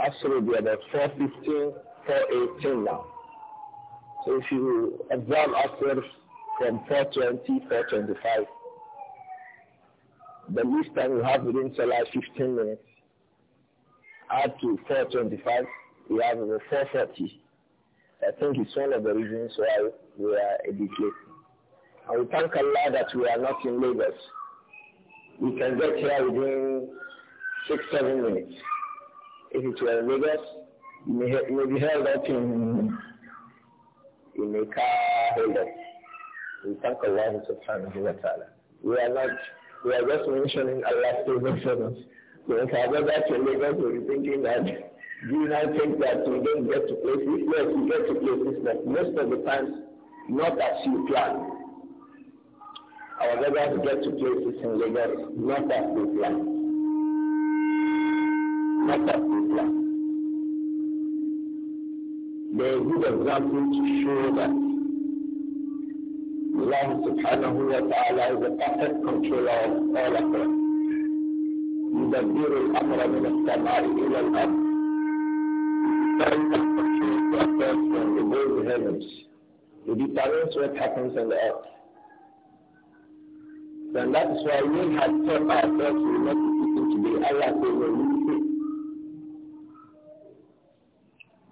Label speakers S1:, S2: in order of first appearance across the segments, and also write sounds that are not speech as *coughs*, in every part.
S1: Asr we are about 4.15, 4.18 now. So if you observe Asr from 4.20, 4.25, the least time you have within Salah is 15 minutes. up to 4.25, you have over 4.40. I think it's one of the reasons why we are a bit late. And we thank Allah that we are not in Lagos. We can get here within six, seven minutes. If it were Lagos, you may, you may be held up in, in a car held up. We thank Allah subhanahu wa ta'ala. We are not, we are just mentioning Allah's favor for So if I go back to Lagos, we'll be thinking that do you not think that we don't get to places? Yes, we get to places, but most of the times, not as you plan. Our brothers get to places in Lagos, not as we plan. Not as then good example to show that Allah subhanahu wa ta'ala is the perfect
S2: controller of all affairs. يدبر الأمر من السماء إلى الأرض. He affairs from the both heavens.
S1: He determines what happens on the earth. Then that is why we have taught ourselves we not to be Allah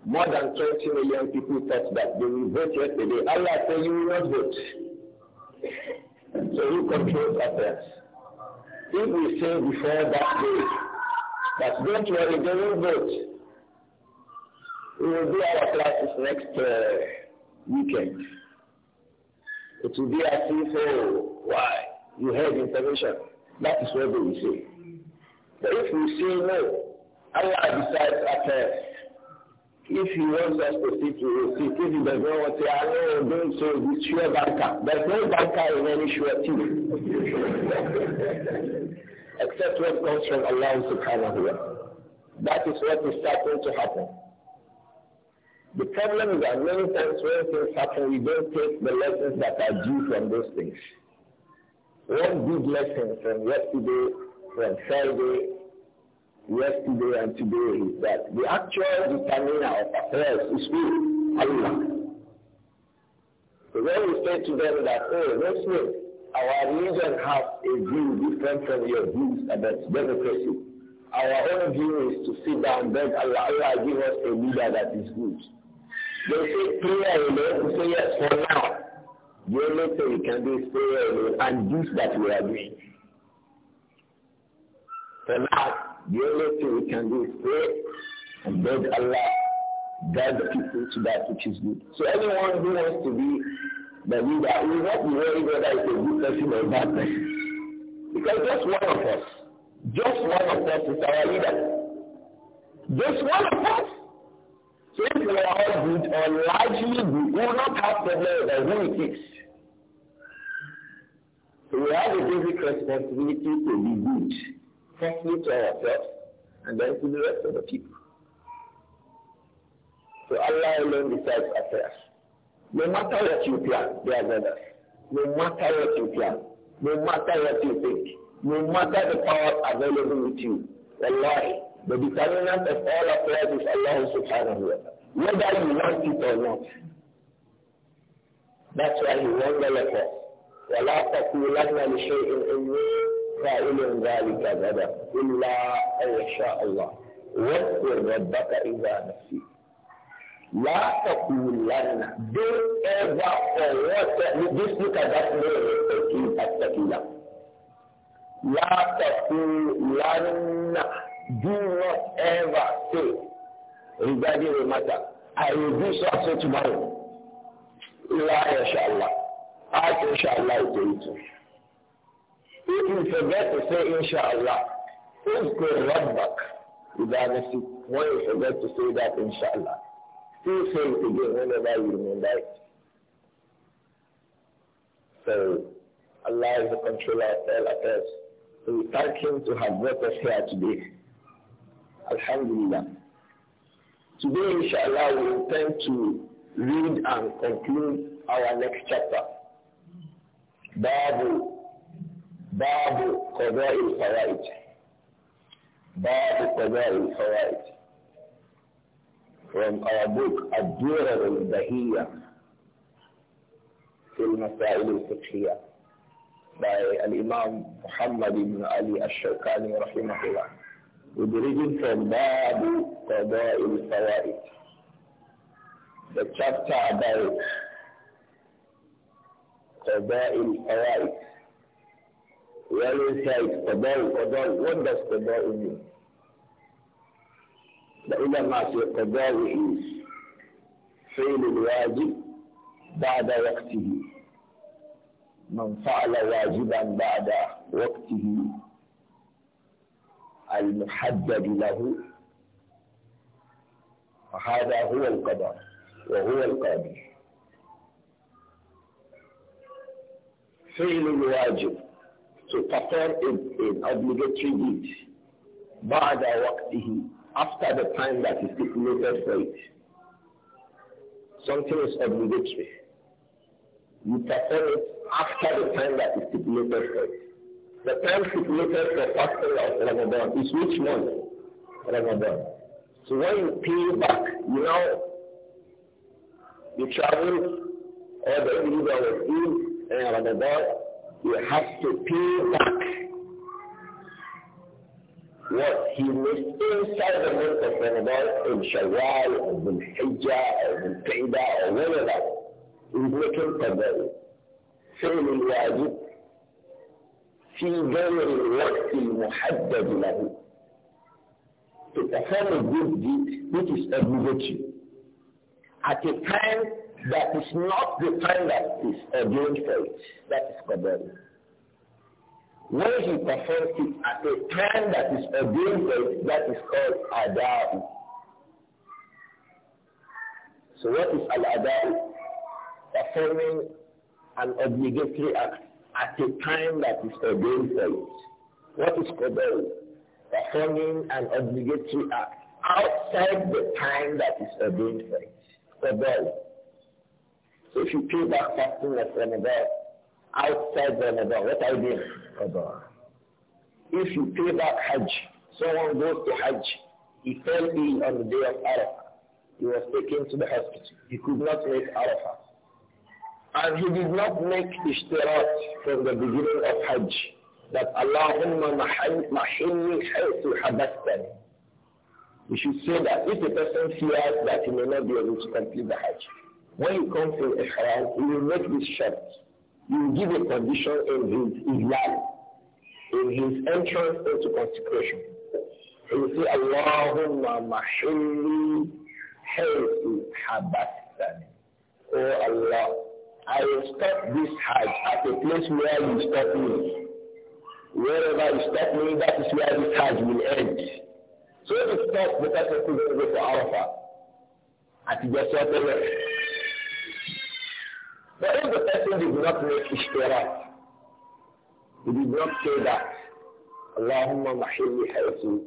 S1: More than 20 million people thought that they will vote yesterday. Allah said you will not vote. So who controls affairs?
S2: If we say before that day that don't worry, they
S1: will vote. We will do our classes next uh, weekend. It will be as if, oh, why? You heard information. That is what they will say. But if we say no, Allah decides affairs. If he wants us to sit, we will sit. If he does not want to, I know we're going to with sure banker. There's no banker in any sure team. *laughs* Except what comes from Allah subhanahu wa ta'ala. That is what is starting to happen. The problem is that many times when things happen, we don't take the lessons that are due from those things. One big lesson from yesterday, from Friday, yesterday and today that the actual determiner of affairs is who? Allah. So when we say to them that, oh, listen, our religion has a view different from your views about democracy. Our own view is to sit down, beg Allah, Allah give us a leader that is good. They say prayer alone, say yes for now. The only thing you can do is prayer and this that we are doing. For now, the only thing we can do is pray and beg Allah guide the people to that which is good. So anyone who wants to be the leader will not be worried whether it's a good person or a bad person. Because just one of us, just one of us is our leader. Just one of us. So if we are all good or largely good, we will not have to know that who it is. So we have a basic responsibility to be good firstly to ourselves and then to the rest of the people. So Allah alone decides affairs. No matter what you plan, dear brothers, no matter what you plan, no matter what you think, no matter the power available with you, Allah, the determinant of all affairs is Allah subhanahu wa ta'ala. Whether you want it or not. That's why he warned Allah of us. وَلَا تَقُولَنَّ لِشَيْءٍ إِنِّي فاعل ذلك غدا إلا أن يشاء الله واذكر ربك إذا نسيت لا تقولن don't ever for just look at that name لا تقولن do not ever say regarding the matter I will do so so tomorrow لا إن الله I إن شاء to it you forget to say inshallah. Uzkur rabbak. If a seat. When you forget to say that inshallah. Still say it again whenever you remember it. So, Allah is the controller of all affairs. So we thank Him to have brought us here today. Alhamdulillah. Today, inshallah, we intend to read and conclude our next chapter. Babu باب قضاء الحوائج باب قضاء الحوائج from our book الدورة البهية في المسائل الفقهية by الإمام محمد بن علي الشوكاني رحمه الله with reading from باب قضاء الحوائج the chapter about قضاء الحوائج Well, always hear it, Qadaw, What does Qadaw mean? The ulama say Qadaw is فعل الواجب بعد وقته من فعل واجبا بعد وقته المحدد له فهذا هو القضاء وهو القادر فعل الواجب to perform an obligatory deed بعد وقته after the time that is stipulated for it. Something is obligatory. You perform it after the time that is stipulated for it. The time stipulated for fasting of Ramadan is which month? Ramadan. So when you pay back, you know, you travel or the individual was in Ramadan he has to pay back what he missed inside the month of Ramadan in Shawwal or Dhul Hijjah or Dhul Qa'dah or whatever. looking He's making qadari. فعل الواجب في غير الوقت المحدد له. To perform a good deed which is obligatory at a time that is not the time that is ordained for it. That is Qadari. When he performs it at a time that is ordained for it, that is called Adab. So what is Al-Adab? Performing an obligatory act at a time that is ordained for it. What is Qadari? Performing an obligatory act outside the time that is ordained for it. Qadari. So if you pay back fasting of Ramadan outside Ramadan, what are you doing? Ramadan. If you pay back Hajj, someone goes to Hajj, he fell ill on the day of Arafah. He was taken to the hospital. He could not make Arafah. And he did not make ishtirat from the beginning of Hajj that Allahumma mahilli haythu habastani. We should say that if a person fears that he may not be able to complete the Hajj, when you come to Ihram, you will make this short. You will give a condition in his Islam, in his entrance into consecration. He will say, Allahumma mahilli haythu habastani. Oh Allah, I will stop this Hajj at a place where you stop me. Wherever you stop me, that is where this Hajj will end. So if it stops, the person could go to Arafah. Àtijọ́ sọ́tẹ́lẹ̀. But if the person did not make ishtirak, he did not say that, Allahumma mahilli haytu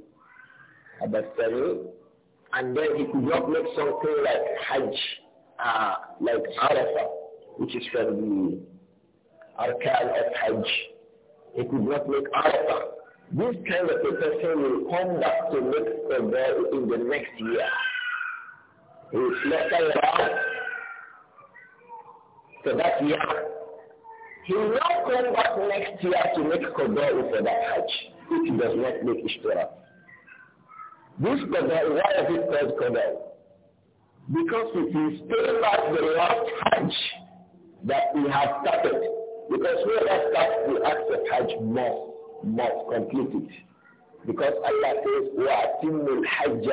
S1: abastani, and then he could not make something like Hajj, uh, like Arafah, which is from the Arkan of Hajj. He could not make Arafah. This kind of a person will come back to make the in the next year. He will flutter around for that year, he will not come back next year to make qada'u for that hajj if he does not make ishtirah. This qada'u, why is it called qada'u? Because it is paying back the last hajj that he has started. Because have starts the act of hajj must, must complete it. Because Allah says, وَأَتِمُّ الْحَجَّ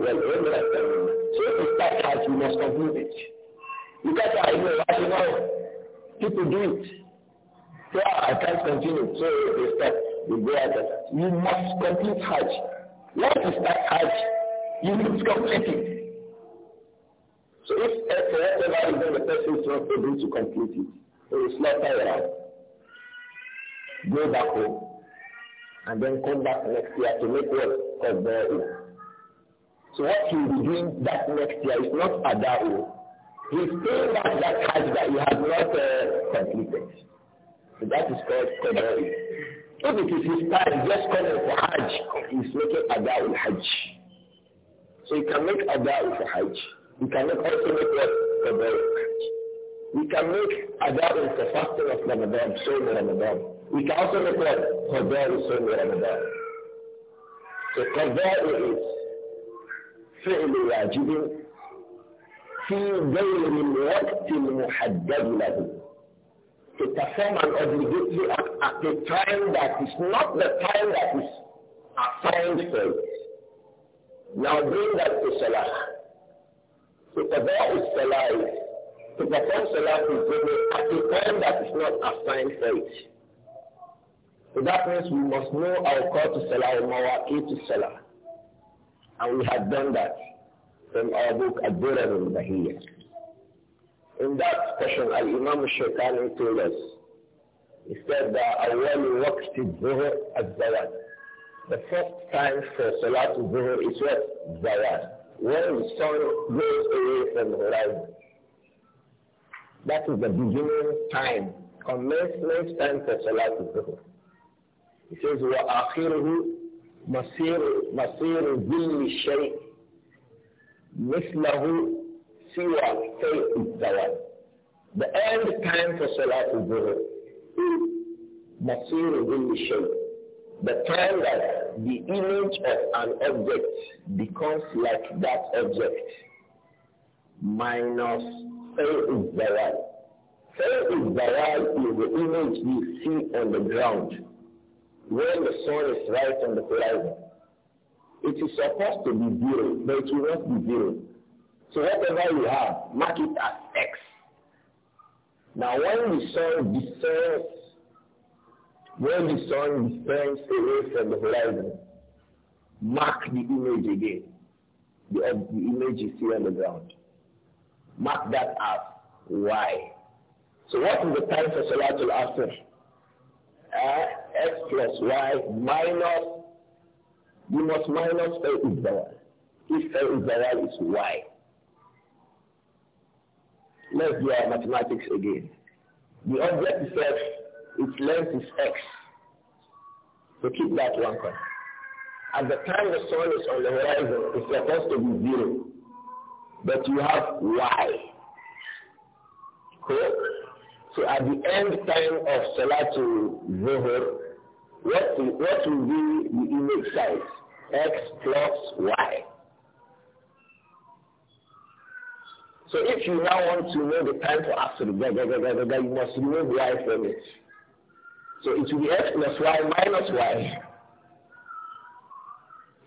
S1: وَالْعُمْرَةَ So if you hajj, we must complete it. Because I know know people do it. So I can't continue. So they start. They go out. You must complete Hajj. Once you start Hajj, you must complete it. So if for whatever reason the person is not able to complete it, so it's not around. Go back home and then come back next year to make work of the So what you'll be doing that next year is not a Adao, he paying back that hajj that you have not uh, completed. So that is called Qadari. If it is his time just coming for hajj, he's making Ada'ul hajj. So you can make Ada'ul for hajj. You can make also make what? Qadari hajj. We can make Ada'ul for fasting of Ramadan, Sawm Ramadan. We can also make what? Qadari Sawm Ramadan. So Qadari is فعل واجب في غير وقت محدد له to perform an obligatory act at a time that is not the time that is assigned for it. Now bring that to Salah. To perform Salah is to perform Salah is at a time that is not assigned for it. So that means we must know our call to Salah, our mawaqi to Salah. And we have done that from Abu book ad al-Bahiyya. In that session, Al-Imam al-Shaytani told us, he said that أول وقت al الزوال. The first time for Salat al-Zuhr is what? Zawal. When the sun goes away from the horizon. That is the beginning time, commencement time for Salat al-Zuhr. He says, وآخره مصير مصير ذل الشيء مثله سوى سيء الزوال The end time for Salat al-Zuhr is Masir al-Shaykh. The time that the image of an object becomes like that object minus the al-Zawal. Sayyid al-Zawal is the image you see on the ground when the sun is right on the horizon. It is supposed to be zero, but it will not be zero. So whatever you have, mark it as X. Now when the sun descends, when the sun descends away from the horizon, mark the image again. The, uh, the image is here on the ground. Mark that as Y. So what is the time for Salatul Asr? Uh, X plus Y minus you must minus fail is If fail is is y. Let's do our mathematics again. The object is x, its length is x. So keep that one constant. At the time the sun is on the horizon, it's supposed to be zero. But you have y. Correct? So at the end time of Salatul Zuhur, what will, what will be the image size? X plus Y. So if you now want to know the time for Asr, you must remove Y from it. So it will be X plus Y minus Y.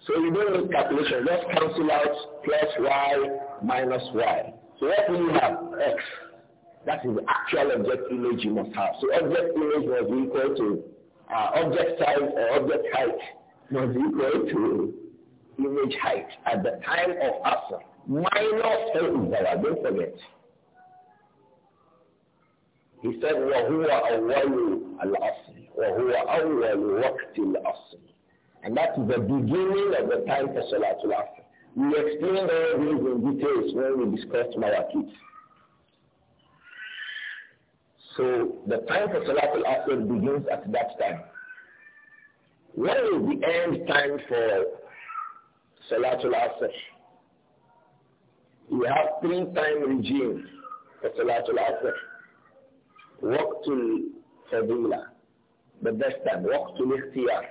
S1: So you don't need calculation. Just cancel out plus Y minus Y. So what do you have? X. That is the actual object image you must have. So object image must be equal to uh, object size or object height was equal to image height at the time of Asr. Minus al don't forget. He said, وَهُوَ أَوَّلُ الْأَصْرِ وَهُوَ أَوَّلُ وَقْتِ الْأَصْرِ And that is the beginning of the time for Salatul Asr. We explained all these in details when we discussed Mawakit. So the time for Salatul Asr begins at that time. When is the end time for Salatul Asr? We have three time regimes for Salatul Asr. Waqtul Fadila, the best time. Waqtul Ikhtiyar,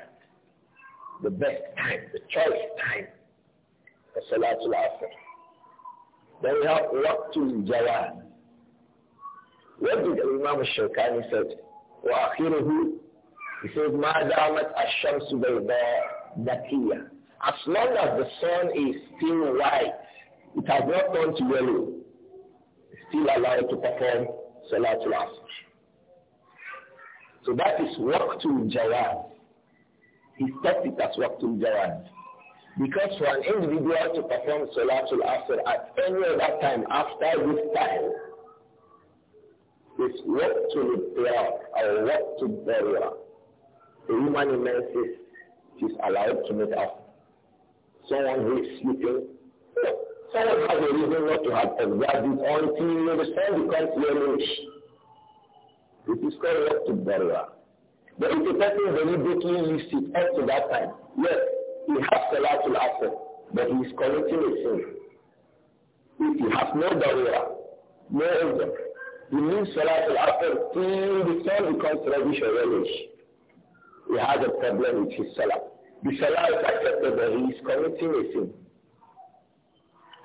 S1: the best time, the choice time for Salatul Asr. Then we have Waqtul Jawad, what did Imam Shawkani said? وَأَخِيرُهُ He says, مَا دَعْمَتْ الشَّمْسُ بَيْضَاء As long as the sun is still white, it has not turned to yellow, it's still allowed to perform Salatul Asr. So that is Waqtul Jawad. He stepped it as Waqtul Jawad. Because for an individual to perform Salatul Asr at any other time after this time, is what to repair or what to bury. A woman in menses is allowed to meet up. Someone who is sleeping, oh, someone has a reason not to have observed it until you understand? becomes yellowish. This is called what to bury. But if the person deliberately leaves it up to that time, yes, he has a lot Salatul Asr, but he is committing a sin. If he has no barrier, no object, you leave Salat al-Asr till the sun becomes reddish or reddish. He has a problem with his Salah. The Salah is accepted, but he is committing a sin.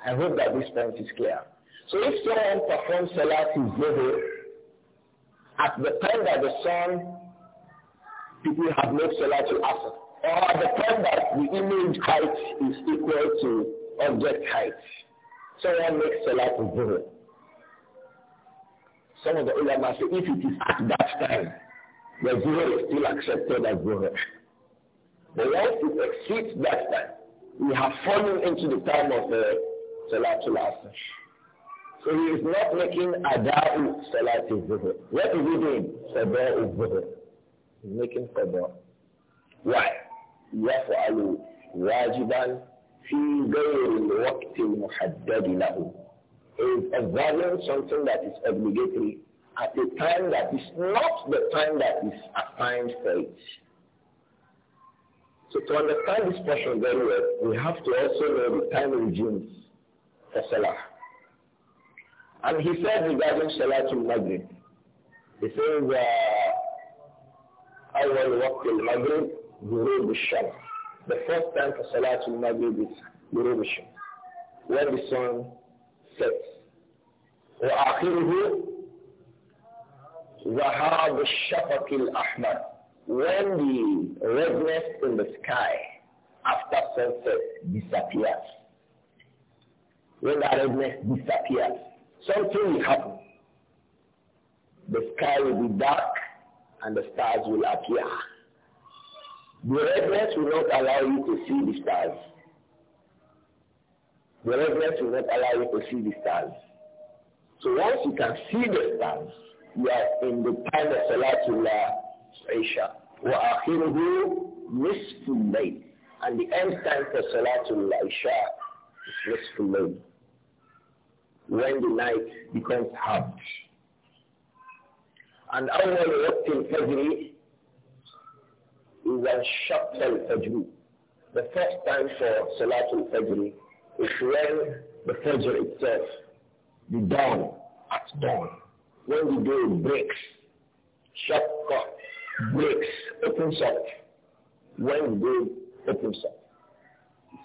S1: I hope that this point is clear. So if someone performs Salat al-Zuhur, at the time that the sun, people have no Salat al-Asr, or at the time that the image height is equal to object height, someone makes Salat al-Zuhur. Some of the ulama say if it is at that time, the zuhr is still accepted as zuhr. But once it exceeds that time, we have fallen into the time of the uh, Salatul Asr. So he is not making ada'u Salatul Zuhr. What is he doing? Sada'u Zuhr. He's making sada'u. Why? يفعل واجبا في غير الوقت المحدد له is observing something that is obligatory at a time that is not the time that is assigned for it. So to understand this portion very well, we have to also know the time regimes for Salah. And he said regarding Salah to Maghrib, he says, أول وقت المغرب غروب الشمس. The first time for Salah to Maghrib is غروب الشمس. When the sun sets. وآخره ذهاب الشفق الأحمر when the redness in the sky after sunset disappears. When that redness disappears, something will happen. The sky will be dark and the stars will appear. The redness will not allow you to see the stars. The reverence will not allow you to see the stars. So once you can see the stars, you are in the time of Salatullah Isha. وَآخِرُهُ نِصْفُ اللَّيْلِ And the end time for Salatullah Isha is نِصْفُ اللَّيْلِ. When the night becomes half. And أول وقت الفجر is أن شق الفجر. The first time for Salatul Fajr is when the Fajr itself,
S2: the dawn, at
S1: dawn, when the day breaks, shortcut, breaks, opens up, when the day opens up,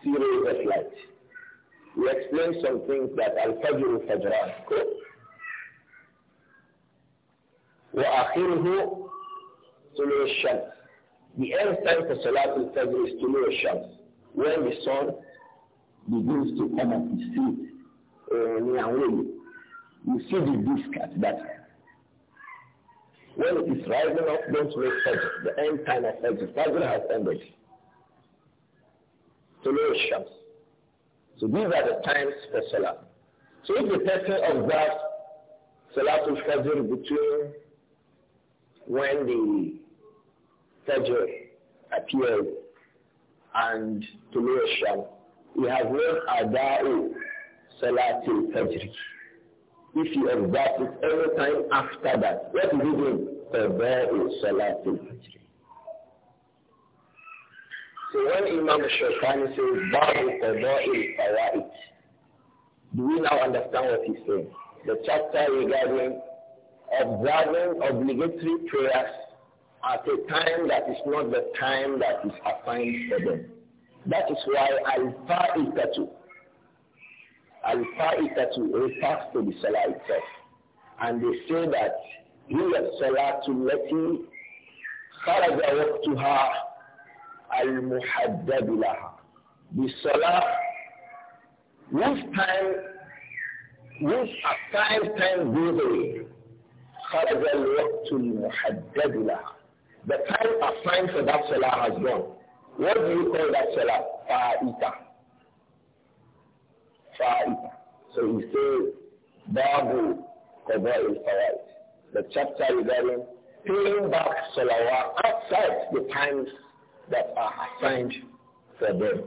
S1: see rays of light. We explain some things that Al-Fajr Fajran quote. وآخره طلوع الشمس. The end time for Salat al-Fajr is طلوع الشمس, when the sun begins to come up, you see it uh, Nianwei. You see the disc at that time. When it is rising up, don't wait Fajr. The end time of Fajr. Fajr has ended. Solutions. So these are the times for Salah. So if the person observes Salatul Fajr between when the Fajr appears and Tulu Shams, we have read adao salatul fajr. If you observe it every time after that, what is it doing? Adao salatul fajr. So when Imam Shafani says Babu Qada'il Fawa'id, do we now understand what he's saying? The chapter regarding observing obligatory prayers at a time that is not the time that is assigned for them. That is why al-fa'ikatu, al-fa'ikatu refers to the salah itself. And they say that he has salah to let him kharaja waqtuha al-muhaddadilaha. The salah, which time, which a five time goes away, kharaja waqtul muhaddadilaha. The time assigned for that salah has gone. What do you call that salah? Fa'ita. Fa'ita. So he says, Babu is Fawait. The chapter regarding paying back salawat outside the times that are assigned for them.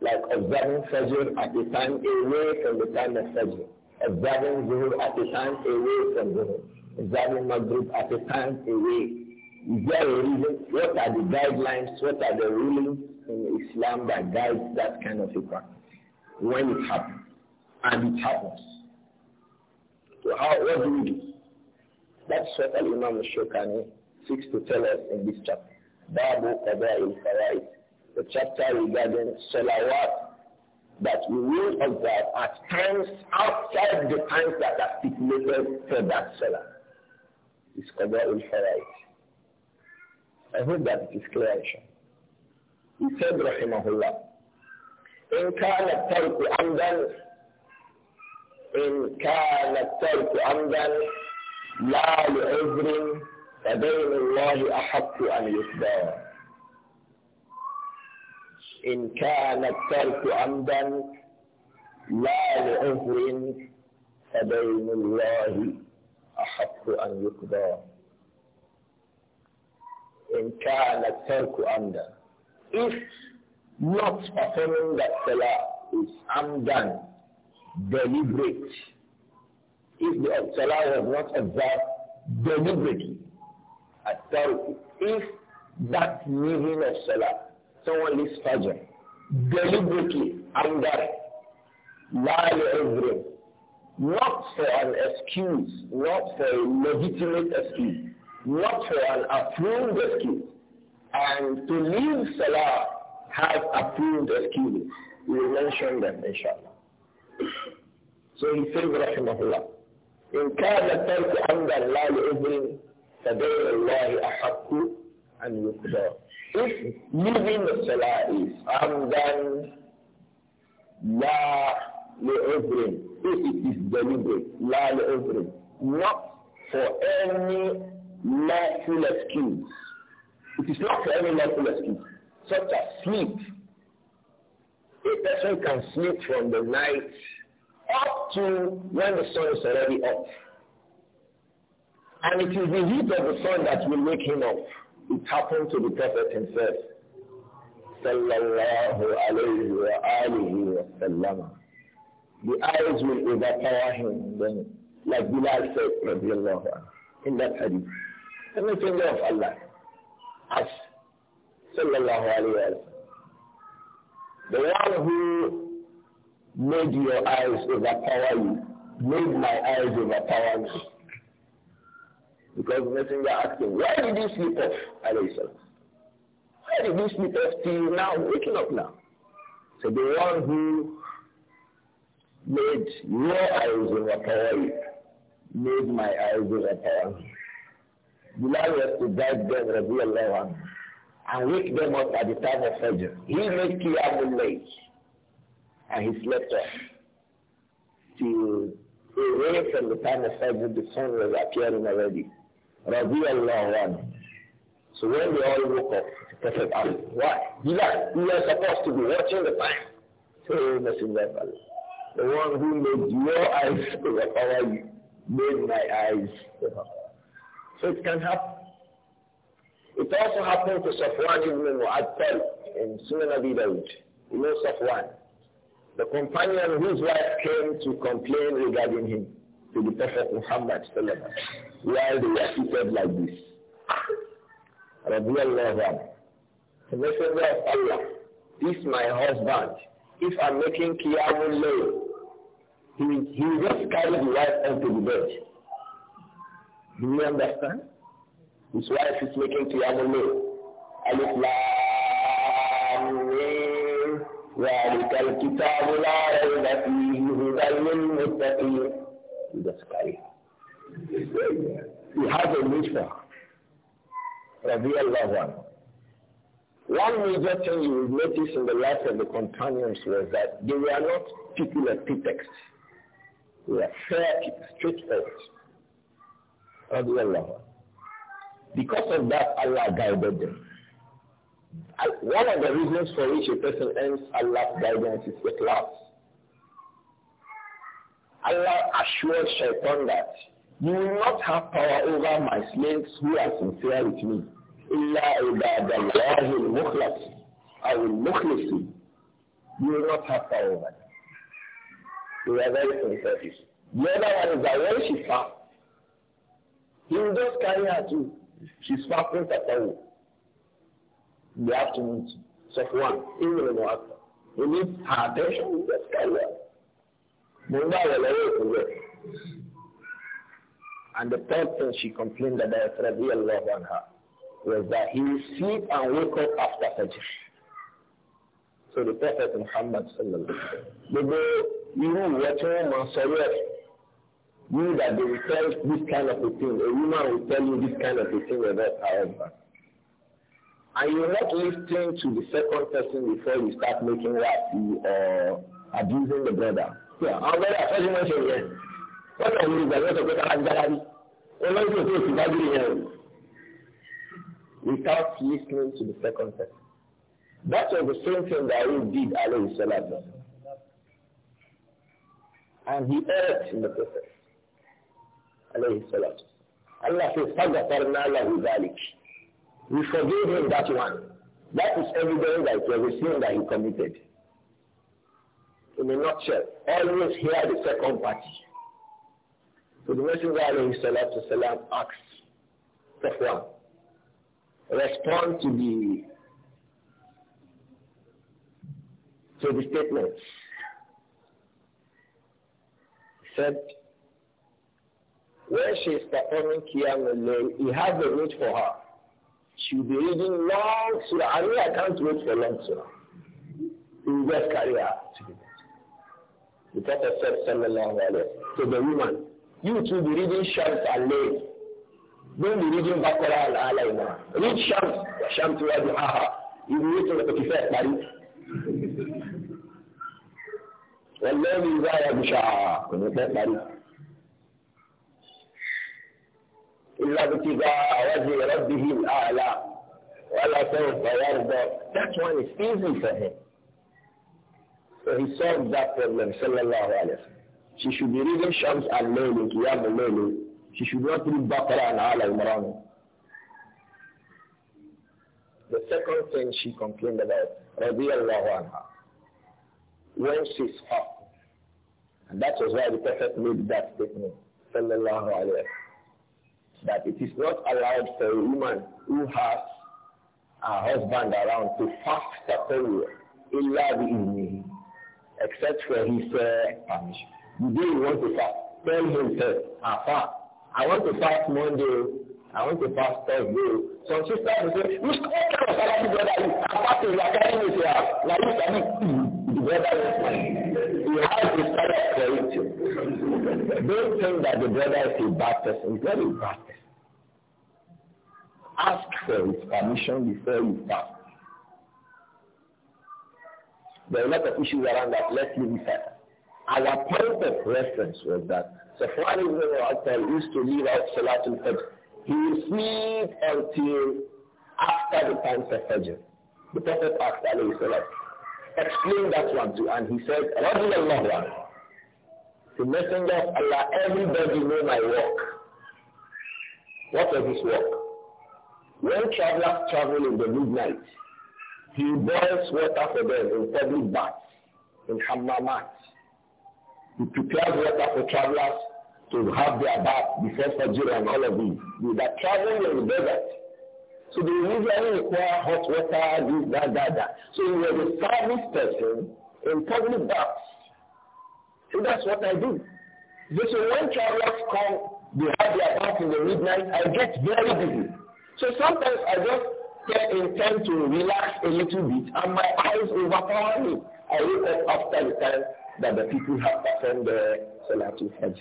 S1: Like observing Fajr at the time away from the time of Fajr. Observing Zuhur at the time away from Zuhur. Observing Maghrib at the time away is there a reason? What are the guidelines? What are the rulings in Islam that guide that kind of a practice? When it happens. And it happens. So how, what do we do? That's what Al-Imam Shokani seeks to tell us in this chapter. Babu Qada'il Faraid. The chapter regarding salawat that we will observe at times outside the times that are stipulated for that salah. It's Qada'il Faraid. I hope that it is clear, Isha. He said, Rahimahullah, إن كان الترك عمدا إن كان الترك عمدا لا لعذر فدين الله Ahabtu أن Yusbah. إن كان الترك عمدا لا لعذر فبين الله أحق أن يقدر in kana tarku amdan. If not performing that salah is amdan, deliberate. If the salah was not observed deliberately, at tarku, if that leaving of salah, someone is fajr, deliberately, under la li'udhrin, not for an excuse, not for a legitimate excuse not for an approved excuse. And to leave Salah has approved excuses. We will mention them, inshallah. So he says, Rahimahullah, إن كان الترك عند الله لإذن فدين الله أحق أن do. If leaving the Salah is عمدا لا لعذر, if it is deliberate, لا لعذر, not for any lawful excuse. It is not for any lawful excuse, such as sleep. A person can sleep from the night up to when the sun is already up. And it is the heat of the sun that will wake him up. It happened to the Prophet himself. Sallallahu alayhi wa alihi wa sallam. The eyes will overpower him then, like Bilal said, in that hadith. The of Allah. As sallallahu alayhi wa The one who made your eyes overpower you, made my eyes overpower me. Because the messenger asked him, why did you sleep off, alayhi salam? Why did you sleep off till now, waking up now? So the one who made your eyes overpower you, made my eyes overpower me. Bilal was to guide them, radiallahu Allah, and wake them up at the time of Fajr. He made Qiyamul Layl, and he slept off. Till away from the time of Fajr, the sun was appearing already, radiallahu Allah. So when they all woke up, the Prophet asked, why? Bilal, you are supposed to be watching the time. So, Messenger of Allah, the one who made your eyes to *laughs* cover you, made my eyes to so it can happen. It also happened to Safwan ibn Mu'attal in Sunan Abi Dawud. You know Safwan. The companion whose wife came to complain regarding him to the Prophet Muhammad while they were seated like this. The messenger of Allah, this my husband, if I'm making Qiyamul Layl, he, he just carried the wife onto the bed. Do you understand? His wife is making to Tiyamulu. Alif Lam ذلك الكتاب لا ريب فيه هدى للمتقين. The carry. He has a mission. Rabbi Allah one major thing you will notice in the life of the companions was that they were not people of pretext. They were fair people, straightforward. Because of that, Allah guided them. One of the reasons for which a person earns Allah's guidance is the class. Allah assured Shaitan that you will not have power over my slaves who are sincere with me. إلا will الله المخلص them المخلصين. You will not have power over them. They are very sincere. The other one is that when she fasts, he will just carry her too. She's fasting Tatawu. The afternoon, Safwan, even in after. He needs her attention, he just carry her. Munda
S2: will away there.
S1: And the third thing she complained about on her, was that he will sleep and wake up after Fajr. So the Prophet Muhammad sallallahu alayhi wa sallam, you know what you want, you that they will tell this kind of a thing, a woman will tell you this kind of a thing about However, husband. And you're not listening to the second person before you start making wafi or uh, abusing the brother. Yeah, our brother has already here. What are we going to put our gallery? We're not going to here. Without listening to the second person. That was the same thing that we did, alayhi salatu And he erred in the process alayhi salam. Allah says, فَغَفَرْنَا لَهُ ذَلِكَ We forgive him that one. That is evidence that it was a sin that he committed. In a nutshell, always hear the second party. So the Messenger alayhi salatu salam asks, Safwan, respond to the to the statements. He said, when she is performing Qiyamul he has a need for her. She will be reading long surah. I mean, I can't wait for long surah. He will just carry her to the bed. The Prophet said, to the woman, you too be reading Shams and Don't be reading Baqarah and Allah Read Shams, Shams wa duhaha. You will wait for the first marriage. والليل إذا يغشى كنت إلا ابتغاء وجه ربه الأعلى ولا سوف يرضى That one is easy for him. So he solved that problem, sallallahu alayhi wa She should be reading Shams and layli Qiyam and layli She should not read Baqarah and Al Imran. The second thing she complained about, radiallahu anha, when she's hot, And that was why the Prophet made that statement, sallallahu alayhi wa that it is not allowed for a woman who has a husband around to fast taqawiyah in bi'iznihi except for his uh, permission. The day you want to fast, tell him first, I ah, fast. I want to fast Monday, I want to fast Thursday. she sisters will say, which what kind of salary brother is? I'm fasting, you are carrying me to your house. Now you mm, The brother is fine you have to Don't think that the brother is a bad person. He's not a bad person. Ask for his permission before you fast. There are a lot of issues around that. Let's leave it at Our point of reference was that Safwan ibn al used to leave out Salatul Fajr. He will sleep until after the time of Fajr. The Prophet asked, alayhi Explain that one to, And he said, Radiallahu anhu. The messenger of Allah, everybody know my work. What was his work? When travelers travel in the midnight, he boils water for them in public baths, in hammamats. He prepares water for travelers to have their bath before Fajr and all of these. They are traveling in the desert. So the usually require hot water, this, that, that, that. So you were the service person in public baths. So that's what I do. This is when travelers come, they have their bath in the midnight, I get very busy. So sometimes I just get intent to relax a little bit and my eyes overpower me. I wake up after the time that the people have performed the Salatul Hajj.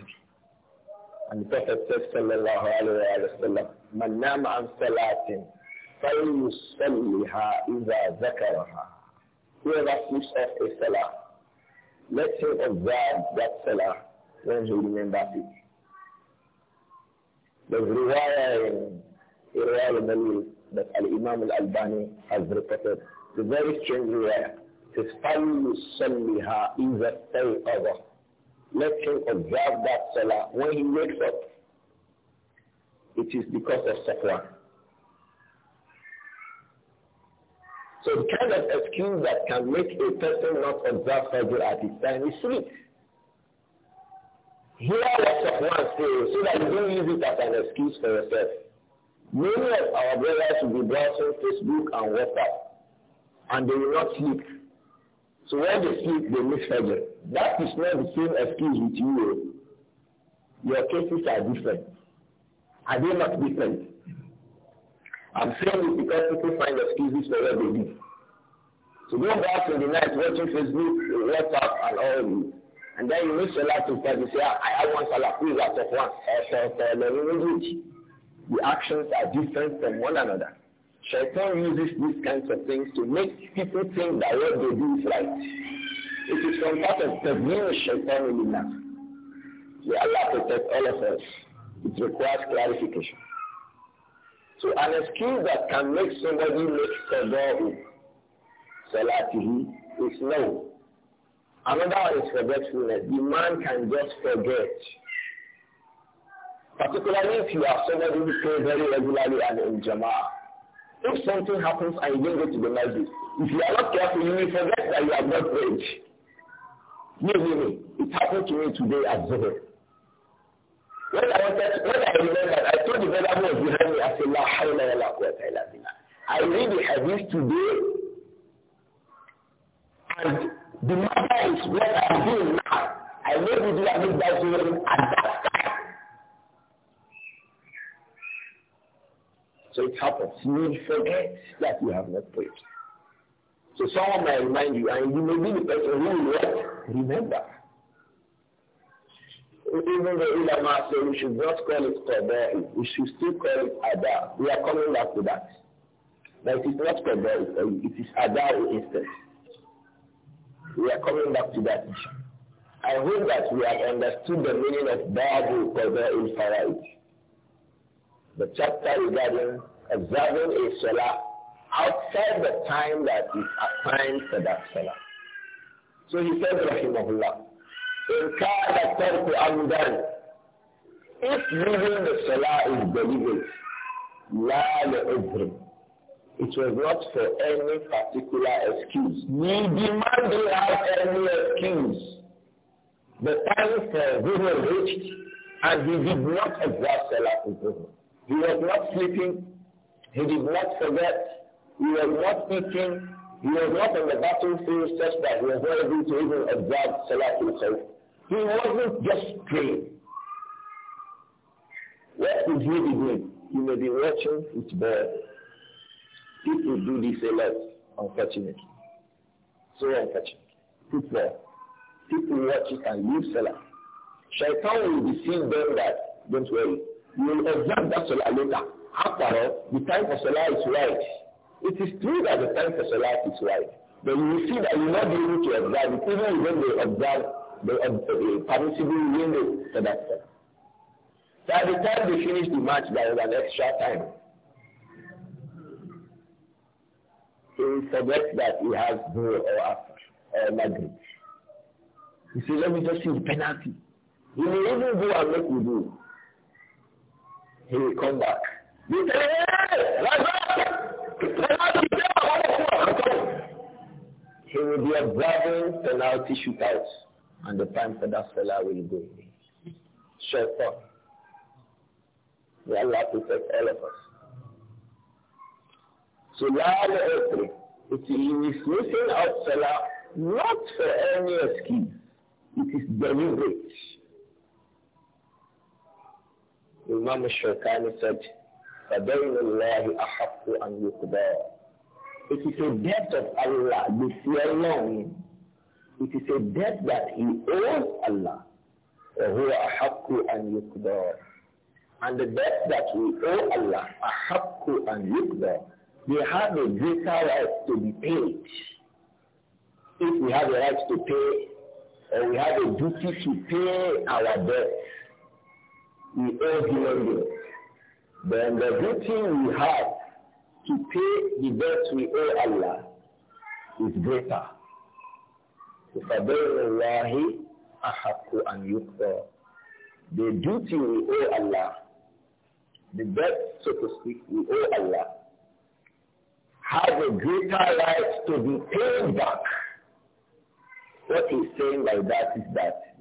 S1: And the Prophet says, Sallallahu Alaihi Wasallam, Man nama an salatin فَلْيُصَلِّهَا إِذَا ذَكَرَهَا Whoever sleeps off a salah, let him observe that salah when he remembers it. The riwayah in Irwal al-Malil that Al-Imam al-Albani has reported, the very strange riwayah, is فَلْيُصَلِّهَا إِذَا اتَّيْقَظَهَا Let him observe that salah when he wakes up. It is because of Safwan. So the kind of excuse that can make a person not observe Fajr at his time is sleep. Hear what Safwan says so that you don't use it as an excuse for yourself. Many of our brothers will be browsing Facebook and WhatsApp and they will not sleep. So when they sleep, they miss Fajr. That is not the same excuse with you. Oh. Your cases are different. Are they not different? I'm saying this because people find excuses for what they do. So go back in the night watching Facebook, WhatsApp, and all these. And then you make Salah to you say, ah, I, want Salah, please, at of one. Eh, the actions are different from one another. Shaitan uses these kinds of things to make people think that what they do is right. It is from part of the real Shaitan in the May Allah protect all of us. It requires clarification. So an excuse that can make somebody make qadahu, salatihi, is no. Another one is forgetfulness. The man can just forget. Particularly if you are somebody who pray very regularly and in jama'ah. If something happens and you don't go to the masjid, if you are not careful, you will forget that you have not prayed. Believe me, it happened to me today at Zohar. When I wanted, when I remember, I told the brother who was behind me, I said, La hawla wa la quwwata illa billah. I read the hadith today, and the matter is what I'm doing now. I made the deal, I made that at that time. So it happens. You will forget that you have not prayed. So someone may remind you, and you may be the person who will remember even though Ulama said we should not call it Qadar, we should still call it Ada. We are coming back to that. But it is not Qadar, it is Ada instead. We are coming back to that issue. I hope that we have understood the meaning of Babu Qadar in Faraj. The chapter regarding observing a Salah outside the time that is assigned for that Salah. So he said, Rahimahullah, in كان الترك عمدا
S2: If leaving the salah
S1: is deliberate, لا لعذر It was not for any particular excuse. We demand you have any excuse. The time for Zuhur reached and he did not observe Salah Zuhur. He was not sleeping. He did not forget. He was not eating. He was not on the battlefield such that he was not able to even observe Salah he wasn't just praying. What is he doing? He may be watching football. People do this a lot, unfortunately. So unfortunately. Football. People watch it and leave Salah. Shaitan will be seeing them that, don't worry, you will observe that Salah later. After all, the time for Salah is right. It is true that the time for Salah is right. But you will see that you will not be able to observe it, even when they observe the, uh, the permissible window for that step. So the time they finish the match, there was an extra time. he forgets that he has no or after or Madrid. He says, let me just see the penalty. He may even go and make do. He will come back.
S2: You say, hey,
S1: He will be a observing penalty shootout and the time for that fella will go away. Shaitan. May Allah take all of us. So la the it is missing out Salah not for any excuse. It is deliberate. Imam Shawkani said, فَدَيْنُ اللَّهِ أَحَقُّ أَنْ يُقْضَى It is a debt of Allah, the fear alone it is a debt that he owes Allah. وَهُوَ أَحَقُّ أَنْ And the debt that we owe Allah, أَحَقُّ أَنْ يُقْدَرُ They have a greater right to be paid. If we have a right to pay, or we have a duty to pay our debt, we owe human beings. Then the duty we have to pay the debt we owe Allah is greater. فَبَيْرُ اللَّهِ أَحَقُّ أَنْ The duty we owe Allah, the debt, so to speak, we owe Allah, has a greater right to be paid back. What he's saying by that is that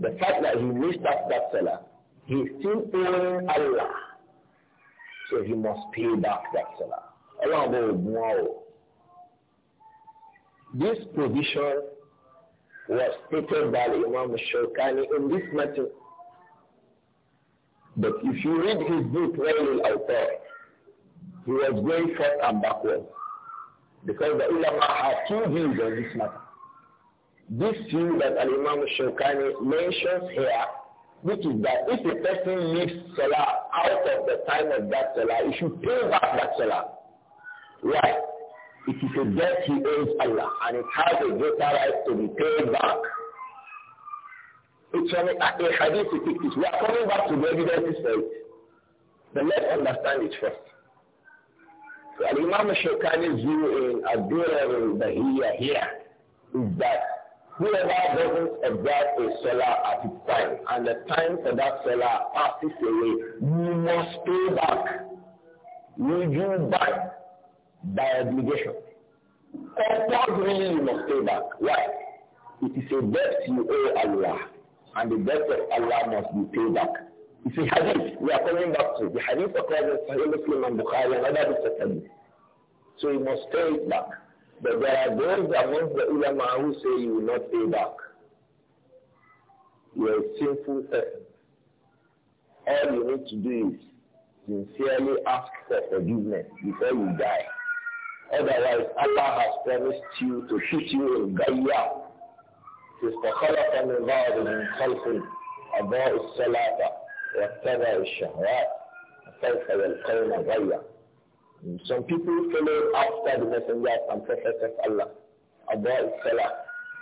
S1: the fact that he missed that that seller, he's still owing Allah. So he must pay back that seller. Allah will this provision was stated by Imam Shawkani in this matter. But if you read his book, Wailul Autor, he was going forth and backward. Because the ulama had two views on this matter. This view that Al-Imam Shawkani mentions here, which is that if a person leaves Salah out of the time of that Salah, he should pay back that Salah. Right? It is a debt he owes Allah, and it has a greater right to be paid back. It's from a, a hadith it is. We are coming back to the evidence for But let's understand it first. So Imam Shokani's view in Abdul Bahiyya here is that whoever doesn't observe a solar at its time, and the time for that solar passes away, you must pay back. You do back by obligation. Compulsorily you must pay back. Why? It is a debt you owe Allah, and the debt of Allah must be paid back. It's a hadith. We are coming back to the hadith of Sahih Muslim and Bukhari and other books of hadith. So you must pay it back. But there are those among the ulama who say you will not pay back. You are a sinful person. All you need to do is sincerely ask for forgiveness before you die. Otherwise, Allah has promised you to hit you in Gaia. His فَخَلَقَ مِنْ بَعْضِ مِنْ خَلْفٍ أَضَاءُ الصَّلَاةَ وَاتَّبَعُ الشَّهْوَاتِ فَسَوْفَ يَلْقَوْنَ غَيًّا Some people follow after the messengers and prophets of Allah. أَضَاءُ salah.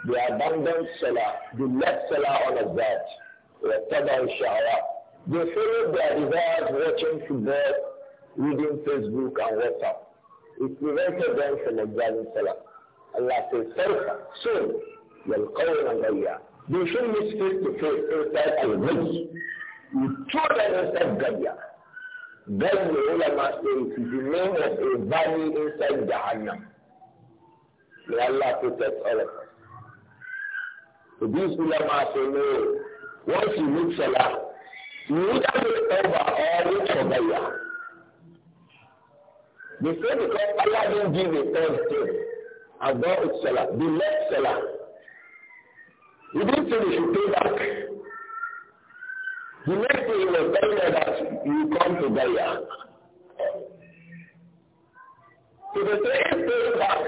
S1: They abandoned Salah. They left Salah unobserved. وَاتَّبَعُ الشَّهْوَاتِ They follow their desires watching football, reading Facebook and WhatsApp. It prevented them from observing Salah. Allah says, Sarfa, soon, يَلْقَوْنَ غَيَّا They should meet face to face inside al-Ghayy. You throw them inside Gaya. Then the ulama say it is the name of a valley inside Jahannam. May Allah protect all of us. So these ulama say no. Once you meet Salah, you either make Tawbah or meet Gaya. They say because Allah didn't give a third thing. Abba Salah, the left Salah.
S2: He didn't say they should pay back. The next thing he was telling her that
S1: you come to Gaia. So the same pay back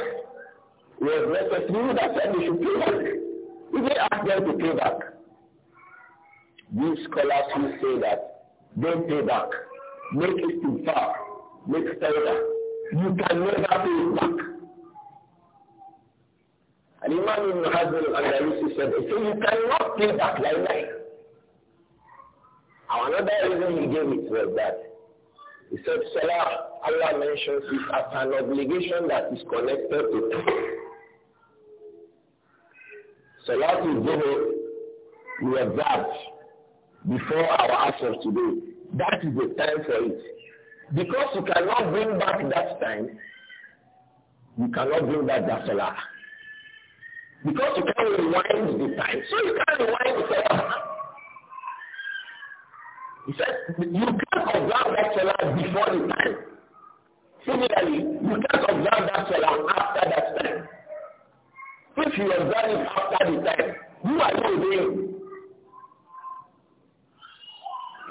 S1: was necessary. That said they should pay back. He didn't ask them to pay back. These scholars who say that don't pay back, make it too far, make further you can never pay back.
S2: And Imam Ibn Hazm al-Andalusi said, so you cannot pay back like that. Another reason he gave it
S1: was that he said, Salah, Allah mentions it as an obligation that is connected to Salah is given, we that before our answer today. That is the time for it. Because you cannot bring back that time, you cannot bring back that salah. Because you can't rewind the time, so
S2: you can't rewind the salah.
S1: He said, you
S2: can't observe that salah
S1: before the time. Similarly, you can't observe that salah after that time. If you observe it after the time, you are not doing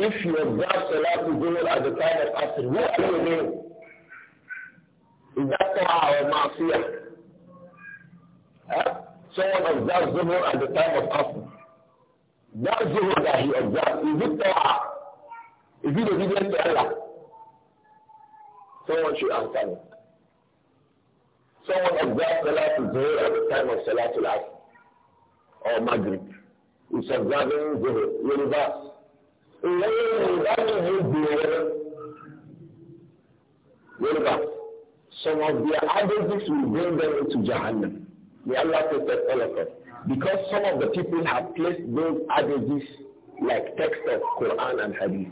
S1: if you observe Salatul Zuhur at the time of Asr, what are you doing? Is that Torah or Ma'asiyah? Huh? Someone observes Zuhur at the time of Asr. That Zuhur that he observes, is it Torah? Is it obedient to Allah? Someone should answer me. Someone observes Salatul Zuhur at the time of Salatul Asr or Maghrib. It's observing Zuhur, universe lẹ́yìn ìdánimọ̀ ìgbìyànjú Yorùbá some of their abuses will bring them into Jahannam. May Allah protect all of us. Because some of the people have placed those adages like text of Quran and Hadith.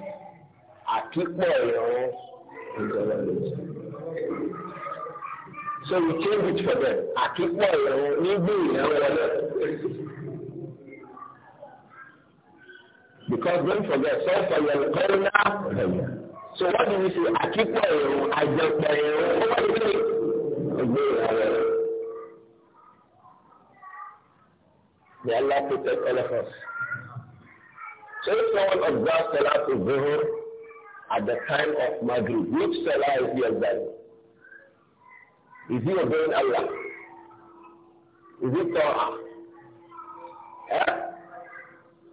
S1: Àtìpọ̀ ìrọ̀rùn
S2: So we change it for them. Àtìpọ̀ ìrọ̀rùn nígbè ìrọ̀rùn
S1: Because don't forget, so for your corner, so what do we say? Akíkọ̀ èrò, àjọpọ̀ èrò, owó ilé ìgbé you rẹ̀. May Allah protect all of us. So if someone observes Salah to Zuhur at the time of Maghrib, which Salah is he observing? Is he obeying Allah? Is it Torah? Eh?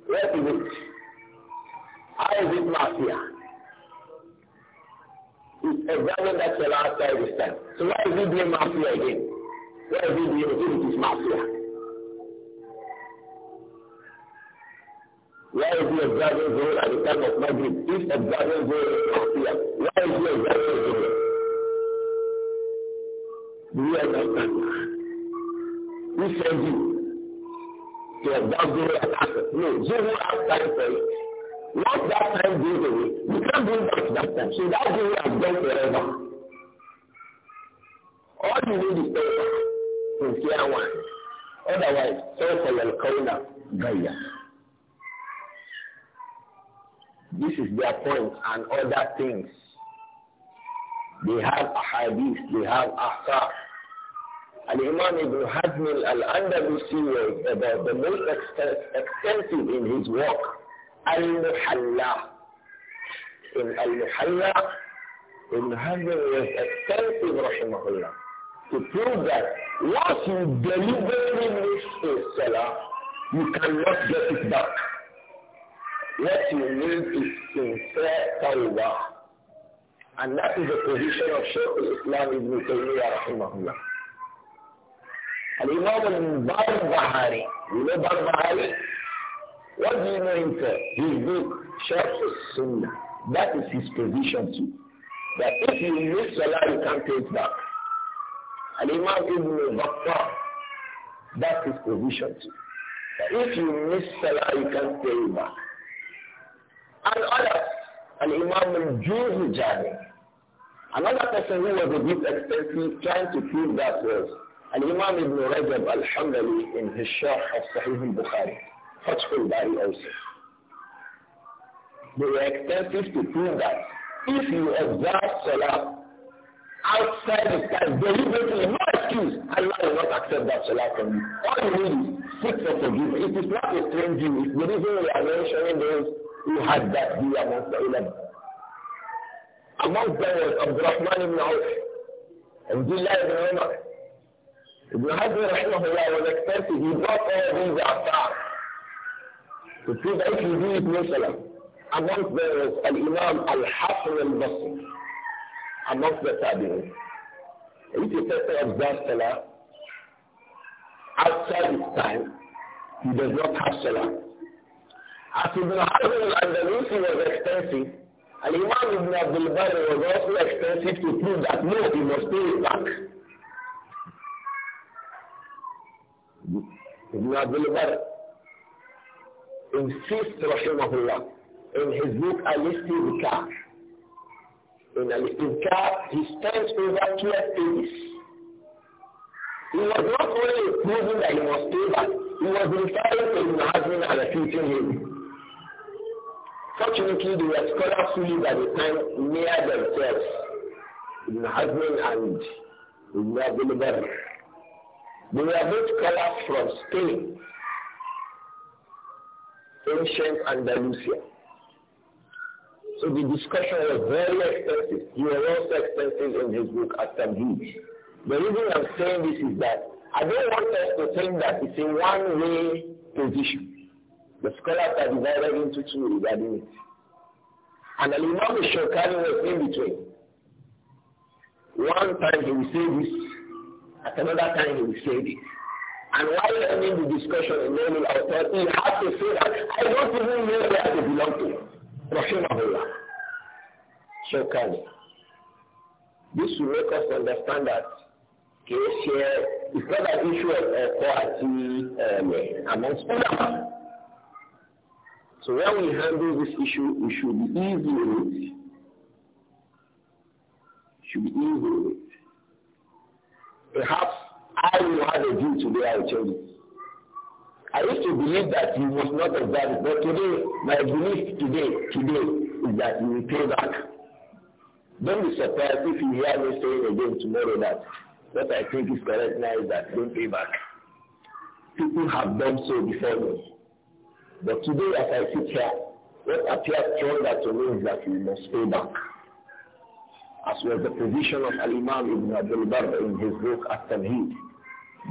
S1: What is it? How is it not It's a brother that's allowed outside this time. So why is he being mafia again? Why is he doing this mafia. Why is he
S2: observing Zohar at the time of my Maghrib? Is a Zohar is mafia, why is he observing Zohar?
S1: Do you understand? Who sent you to observe Zohar at No, Zohar has time for it. Once that time goes away, you can't bring back that time. So that day has gone forever. All you need is paper, sincere one. Otherwise, so for your corner, Gaia. This is their point and other things. They have a hadith. they have ahkar. Al-Imam Ibn Hazm al-Andalusi was about the most extensive in his work المحلى in المحلى in having was extensive رحمه الله to prove that once you deliberately miss a salah you cannot get it back what you need is sincere tawbah and that is the position of Shaykh al-Islam ibn Taymiyyah rahimahullah الإمام البربهاري you know Barbahari What do you know him for? His book, Sharp Sunnah. That is his position too. That if you miss Salah, you can't take back. And Imam Ibn Bakr, that's his position too. That if you miss Salah, you can't take back. And others, and
S2: Imam
S1: al another person who was a bit expensive trying to prove that was, and Imam Ibn Rajab al-Hambali in his Sharh of Sahih al-Bukhari. Touchful body also. They were extensive to prove that if you observe Salah outside the sky deliberately, no excuse, Allah will not accept that Salah from you. All you need is seek for forgiveness. It is not a strange view. It's the reason we are mentioning those who had that view amongst the ulama. Among them was Abdurrahman ibn Auf, Abdullah ibn Umar. Ibn Hazm, rahimahullah, was extensive. He brought all these afar. To prove that he did do it, no Amongst them was Al-Imam al hassan Al-Basri. Amongst the Tabi'in. If you a person observes salah outside his time, he does not have salah. As Ibn Hazm al-Andalusi was expensive, and Imam Ibn Abdul Bar was also expensive to prove that no, he must pay it back. Ibn Abdul Bar insists, rahimahullah, in his book Al-Istibkar. In Al-Istibkar, he spent over 12 pages. He was not only proving that he was stable, he was referring to Ibn Hazm and refuting him. Fortunately, they were scholars who lived at the time near themselves, Ibn husband and Ibn Abdul They were both scholars from Spain ancient Andalusia. So the discussion was very extensive. He was also extensive in his book at Tabij. The reason I'm saying this is that I don't want us to think that it's a one-way position. The scholars are divided into two regarding it. And the Imam Shokani was in between. One time he will say this, at another time he will say this. And while ending the discussion in Nailul Awtar, he had to say that I don't even know where they belong to. Rahimahullah. can This will make us understand that case here is not an issue of authority um, amongst ulama. So when we handle this
S2: issue, we should be easy with it. Should be easy with it. Perhaps I will have a view today, I will tell you. I used to believe that
S1: you must not done it, but today, my belief today, today, is that you will pay back. Don't be surprised if you hear me saying again tomorrow that what I think is correct now is that don't pay back. People have done so before me. But today, as I sit here, what appears stronger to me is that you must pay back. As was the position of Al-Imam Ibn Abdul Barr in his book At-Tamheed.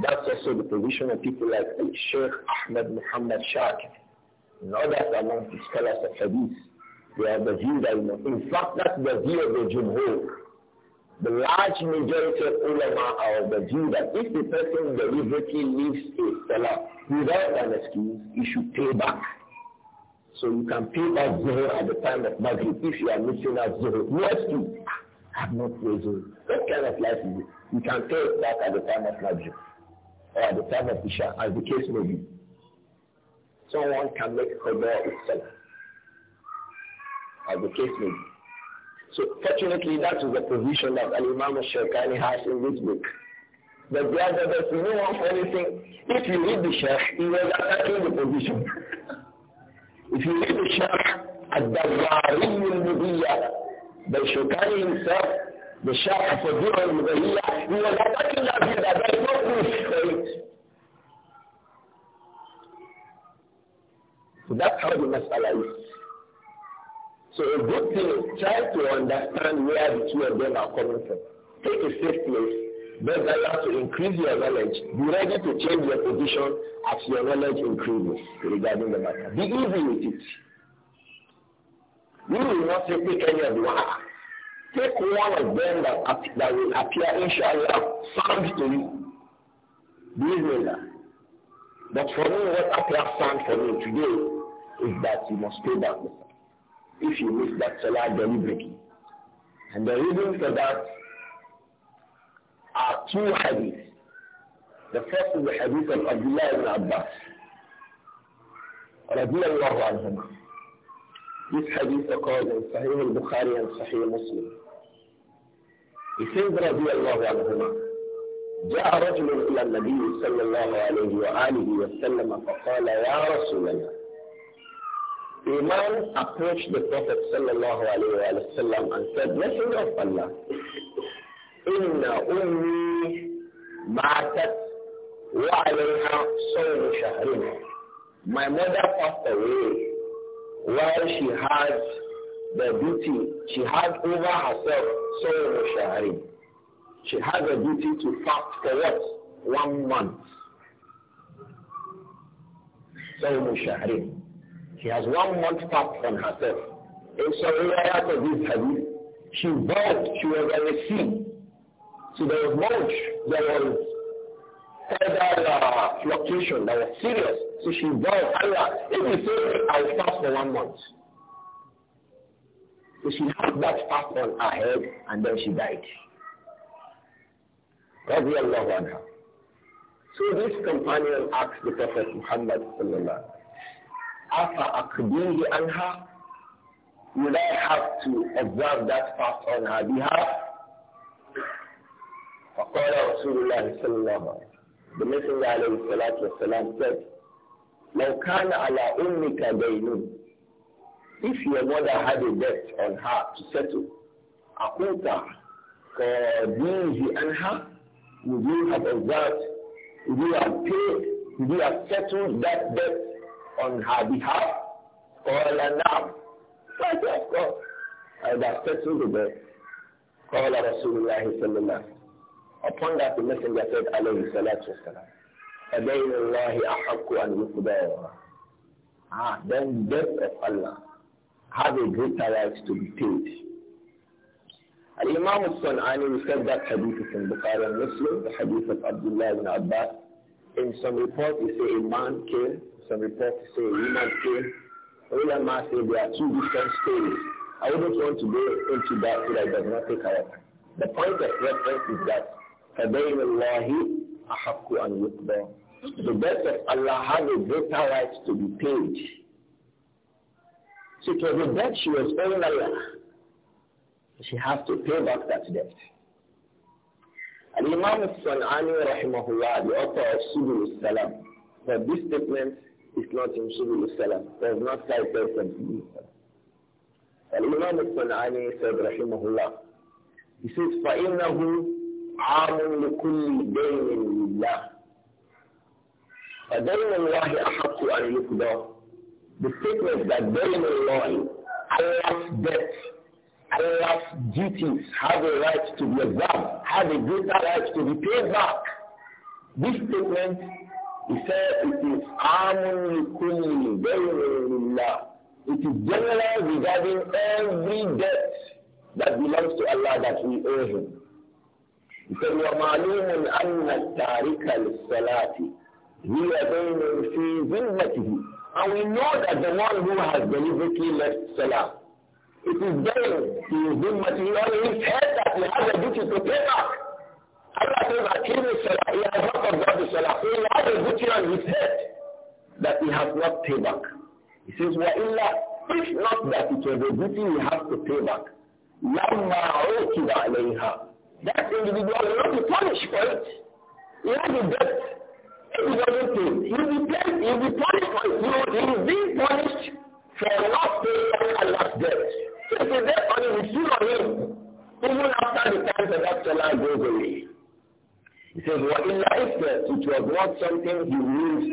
S1: That's also the position of people like Sheikh Ahmed Muhammad Shakir and others among the scholars of Hadith. They have the view that, in fact, that's the view of the Jumhur. The large majority of ulama are of the view that if the person deliberately leaves a salah without an excuse, he should pay back. So you can pay back zero at the time of Maghrib if you are missing out zero. You have to have not prayed What kind of life is it? You can pay it back at the time of Maghrib or at the time of Isha, as the case may be. Someone can make Qadr itself, as the case may be. So fortunately, that is the position that Al-Imam al-Shawkani has in this book. But the other does no one for anything. If you read the Sheikh, he was attacking the position. if you read the Sheikh, al-Dawari al-Mubiyya, the Shawkani himself the Shaykh for doing the We was attacking that view that there is no proof for it. So that's how the Masala is. So a good thing is try to understand where the two of them are coming from. Take a safe place. Beg Allah to increase your knowledge. Be ready to change your position as your knowledge increases regarding the matter. Be easy with it. You will not take any of the Take one of them that, that will appear, inshallah, someday to you. Bismillah. But for me, what appears sound for me today is that you must pay back If you miss that salah deliberately. And the reason for that are two hadiths. The first is the hadith of Abdullah ibn Abbas. رضي الله عنهما. This hadith occurs in Sahih al-Bukhari and Sahih Muslim. Imam approached the Prophet sallallahu alayhi wa and said, Blessing of Allah, Inna ummi matat wa alayha sawm shahrin. My mother passed away while she had the duty she had over herself, so Shahri. She had a duty to fast for what? One month. so Shahri. She has one month fast on herself. In some areas of this hadith, she vowed she was a sea. So there was much, there was further uh, fluctuation that was serious. So she vowed, Allah, if you say I fast for one month. So she had that fast on her head and then she died. God will love on her. So this companion asked the Prophet Muhammad sallallahu Afa akbiri anha? Will I have to observe that fast on her behalf? فقال رسول الله صلى الله عليه وسلم The Messenger عليه الصلاة والسلام said, لو كان على أمك دين if your mother had a debt on her to settle, Akunta, Kadizi Anha, would you have observed, would you have paid, would you have settled that debt on her behalf? Qala Naam. Qala, of course. I have settled the debt. Qala Rasulullah sallallahu Upon that, the messenger said, alayhi salatu wasalam, أَدَيْنُ اللَّهِ أَحَقُّ أَنْ يُقْدَى Ah, then death of Allah have a greater right to be paid. Al-Imam al Ali said that hadith is Bukhari and Muslim, the hadith of Abdullah ibn Abbas. In some reports, he say a man came. Some reports, they say a woman came. Ulama say there are two different stories. I wouldn't want to go into that so that does not take our time. The point of reference is that فَبَيْنَ اللَّهِ أَحَقُّ أَنْ يُقْضَى The best of Allah has a greater right to be paid so it was a debt she was owing Allah. She has to pay back that debt. And Imam Sanani rahimahullah, the author of Subul Salam, that this statement is not in Subul Salam, There is not cited from Subul Salam. الإمام الصنعاني سيد رحمه الله he says فإنه عام لكل دين لله فدين الله أحق أن يقضى the statement that bearing in mind Allah's death, Allah's duties have a right to be observed, have a greater right to be paid back. This statement, he said, it is Amun Kulli, It is general regarding every debt that belongs to Allah that we owe him. He said, وَمَعْلُومٌ أَنَّ التَّارِكَ لِلصَّلَاةِ هِيَ دَيْنٌ فِي ذِمَّتِهِ and we know that the one who has deliberately left Salah, it is then he is doing material in his head that he has a duty to pay back. Allah says that he is Salah, he has not observed the Salah. he has a duty on his head that he has not paid back. He says, Illa, If not that it was a duty he has to pay back. لَمَّا عُوْكِبَ عَلَيْهَا That individual will not be punished for it. He has a debt. He doesn't pay. He will be paid. He will be he is being punished for not paying back Allah's debt. So if the debt on him is still on him, even after the time for that Salah goes away. He says, well, in life, it was not something he would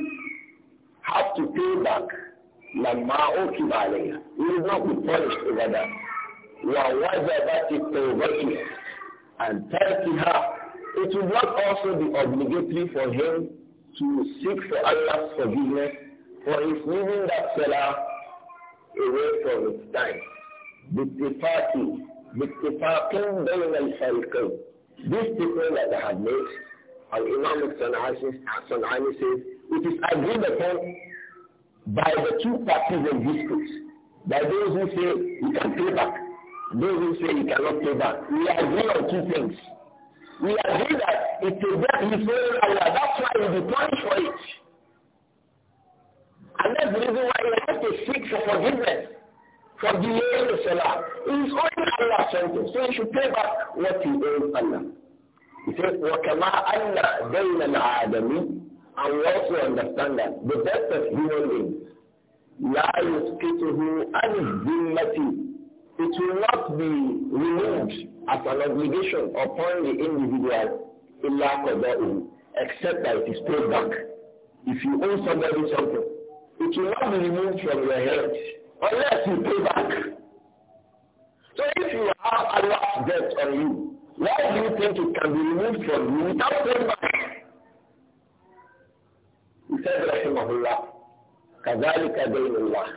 S1: have to pay back. Lama okibalaya. He will not be punished over that. وَوَجَبَتِ تَوْبَتِهِ And تَرْكِهَا It will not also be obligatory for him to seek for Allah's forgiveness for his moving that seller away from its time. باتفاق باتفاق بين الفريقين. These people that I have made, and Imam Sanani says, it is agreed upon by the two parties of case, by those who say you can pay back, those who say you cannot pay back. We agree on two things. We agree that it is get his own Allah, that's why we will be punished for it. And that's the reason why you have to seek for forgiveness for delaying the salah. It is only Allah something. So you should pay back what you owe Allah. He says, وَكَمَا أَنَّ بَيْنَ الْعَادَمِ And we also understand that the best of human beings, لَا يُسْكِتُهُ عَنِ الذِّمَّةِ It will not be removed as an obligation upon the individual إِلَّا قَضَاءُهُ except that it is paid back. If you owe somebody something, it will not be removed from your head unless you pay back. So if you have of debt on you, why do you think it can be removed from you without paying back? He said, Rahimahullah, كَذَلِكَ دَيْنُ اللَّهِ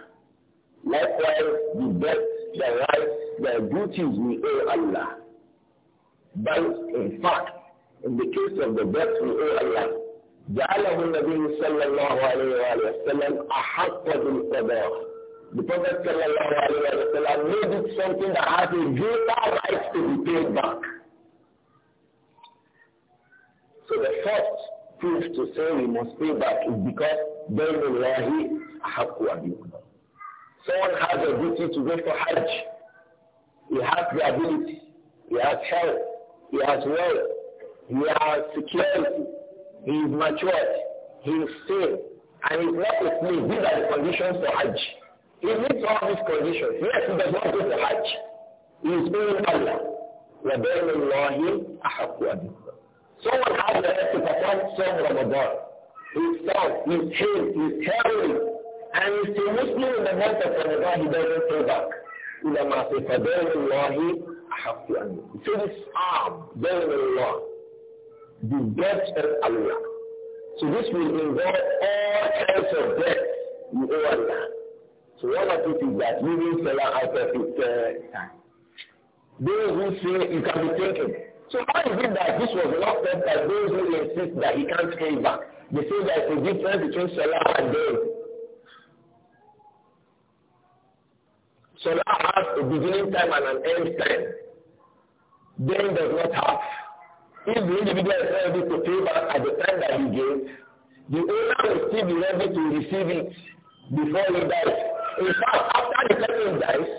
S1: Likewise, the debt, the rights, the duties we owe Allah. But in fact, in the case of the debt we owe Allah, جعله النبي صلى الله عليه وسلم أحق The made it something that has a greater right to be paid back. So the first proof to say we must pay back is because بين الله أحق أن يقضى. Someone has a duty to go for Hajj. He has the ability. He has health. He has wealth. He has security he is matured, he is sane, and he not a slave. These are the conditions for Hajj. He meets all these conditions. Yes, he does not go to Hajj. He is owing Allah. وَبَيْنَ اللَّهِ أَحَقُّ أَبِهِ Someone has the right to perform some Ramadan. His son, his head, his heroin, and he he's a Muslim in the month of Ramadan, he doesn't pay back. إِلَمَا سَيْفَ بَيْنَ اللَّهِ أَحَقُّ أَبِهِ So this arm, بَيْنَ اللَّهِ the debt of Allah. So this will involve all kinds of debt you owe Allah. So one of it is that you will sell out of it time. Those who say it can be taken. So
S2: how is it that this was not said by those who
S1: insist that he can't pay back? They say there is a difference between salah and debt. Salah has a beginning time and an end time. Then does not have. If the individual is not able to pay back at the time that you gave, the owner will still be ready to receive it before he dies. In fact, after the person dies,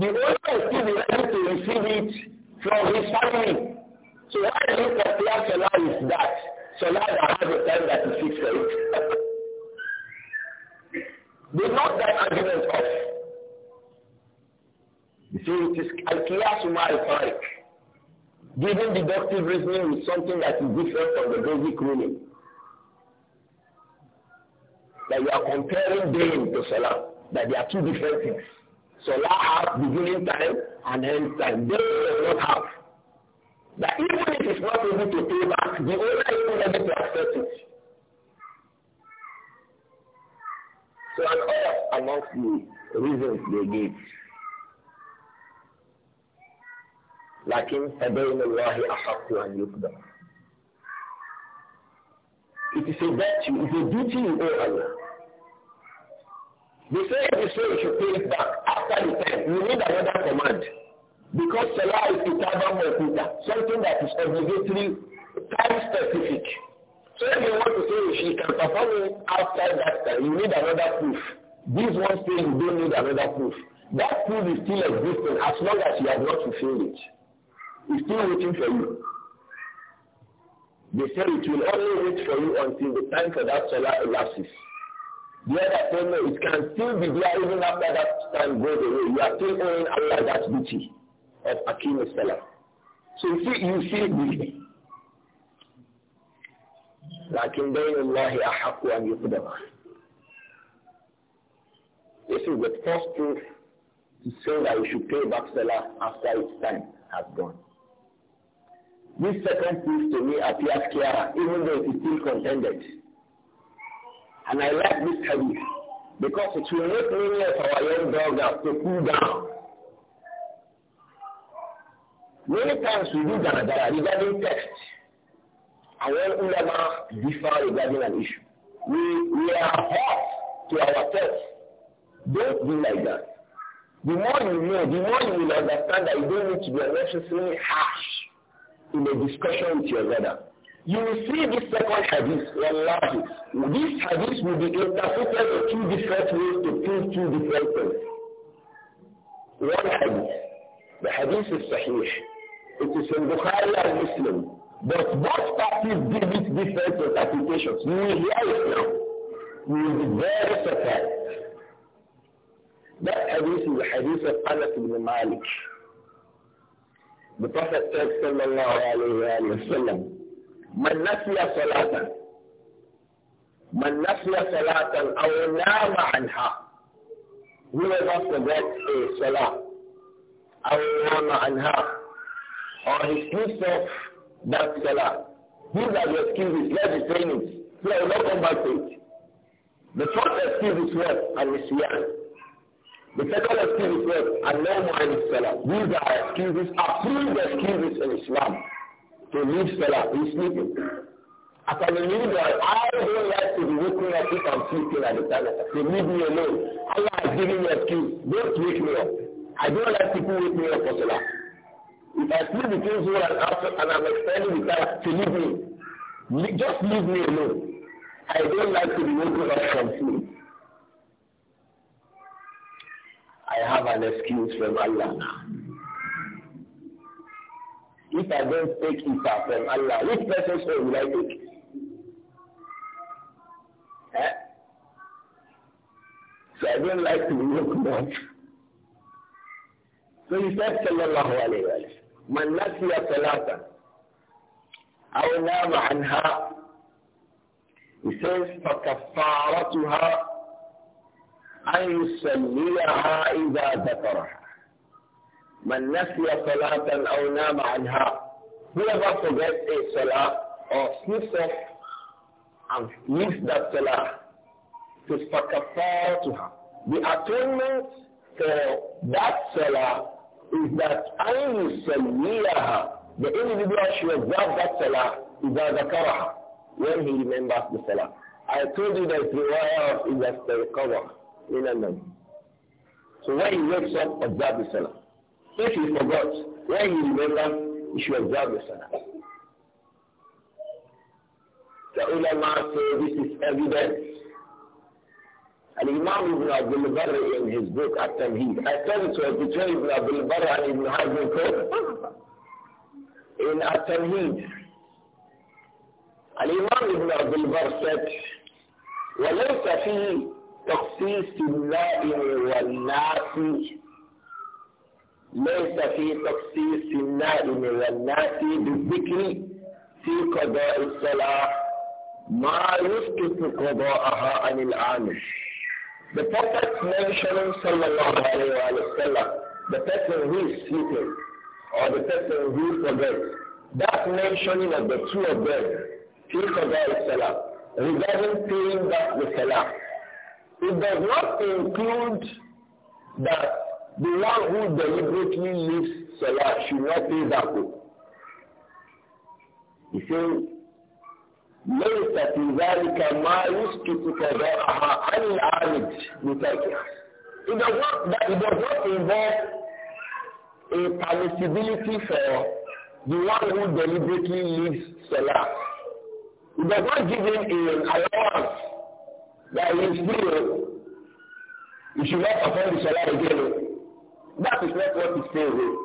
S1: the owner will still be ready to receive it from his family. So why do you compare Salah with that? Salah that has the time that is fixed for it. they knock that argument off. You see, it is Al-Qiyas Umar al Giving deductive reasoning is something that is different from the basic ruling. That you are comparing them to Salah. That they are two different things. Salah has beginning time and end time.
S2: Deen does not have. That even if it's not able to pay back, the owner is not able to accept it. So and
S1: all amongst the reasons they gave. لكن فدين الله أحق أن يقدم It is a virtue, it's a duty you owe Allah. They say you say you should pay it back after the time, you need another command. Because Salah is kitabam or kuta, something that is obligatory, time specific. So if you want to say she can perform it outside that time, you need another proof. This one thing you don't need another proof. That proof is still existing as long as you have not fulfilled it. We're still waiting for you. They say it will only wait for you until the time for that solar elapses. The other thing is it can still be there even after that time goes away. You are still owing Allah that duty of Akim Salah. So you see, you see it. لكن بين الله أحق أن يقدم This is the first proof to say that you should pay back Salah after its time has gone. This second piece to me appears clearer, even though it is still contended. And I like this hadith because it will make many of our young girls to cool down. Many times we do that regarding text. And when ulama differ regarding an issue, we, we are hot to our text. Don't be like that. The more you know, the more you will understand that you don't need to be unnecessarily harsh in a discussion with your brother. You will see this second hadith, wallahi. This hadith will be interpreted in two different ways to prove two different things. One hadith. The hadith is sahih. It is in Bukhari and Muslim. But both parties give it different interpretations. You will hear it now. You will be very surprised. That hadith is the hadith of Anas ibn Malik. The Prophet said, sallallahu alayhi wa sallam, من نسي صلاة من نسي صلاة أو نام عنها whoever forgets a salah أو نام عنها or he sleeps off that salah these are the excuses like the trainings so I will not come back to it the first excuse is what? Al-Nisyan the second excuse is, was Allahumma alayhi salam. These are excuses, approved excuses in Islam to leave salah, he's sleeping. As an individual, I don't like to be waking up if I'm sleeping at the time. So leave me alone. Allah is giving me excuse. Don't wake me up. I don't like people wake me up for salah. If I sleep between Zohar and after and I'm extending the time, to leave me. Just leave me alone. I don't like to be woken up from sleep. I have an excuse from Allah now. If I don't take it from Allah, which person own will I take? Eh? So I don't like to look much. So he said, sallallahu alayhi wa sallam, من نسي صلاة أو نام عنها he says فكفارتها أن يصليها إذا ذكرها من نسي صلاة أو نام عنها whoever forgets a salah or slips off and that salah to to her the atonement for that salah is that أن يصليها the individual should observe that salah إذا ذكرها when he remembers the salah I told you that the riwayah is the cover إلى النوم. So when he wakes up, observe the salah. If he forgot, when he remembers, he should observe the salah. The ulama say this is evidence. And Imam Ibn Abdul Barr in his book at Tamheed, I tell it was between Ibn Abdul Barr and Ibn Hazm Kofa. In at Tamheed, Imam Ibn عبد البر said وليس فيه تخصيص النائم والناسي ليس في تخصيص النائم والناسي بالذكر في قضاء الصلاة ما يسقط قضاءها عن العامل The Prophet mentioned sallallahu alayhi wa sallam, the person who is sleeping or the person who forgets, that mentioning of the two of them, في قضاء الصلاة, regarding paying back the salah, It does not include that the one who deliberately leaves Salah should not pay zakat.
S2: He says,
S1: ليس في ذلك ما يسكتك ذرعها عن العامد بتركها. It does not, that it does not involve a permissibility for the one who deliberately leaves Salah. It does not give him an allowance that is real. You should not perform the salah again. Oh. That is not what is saying here.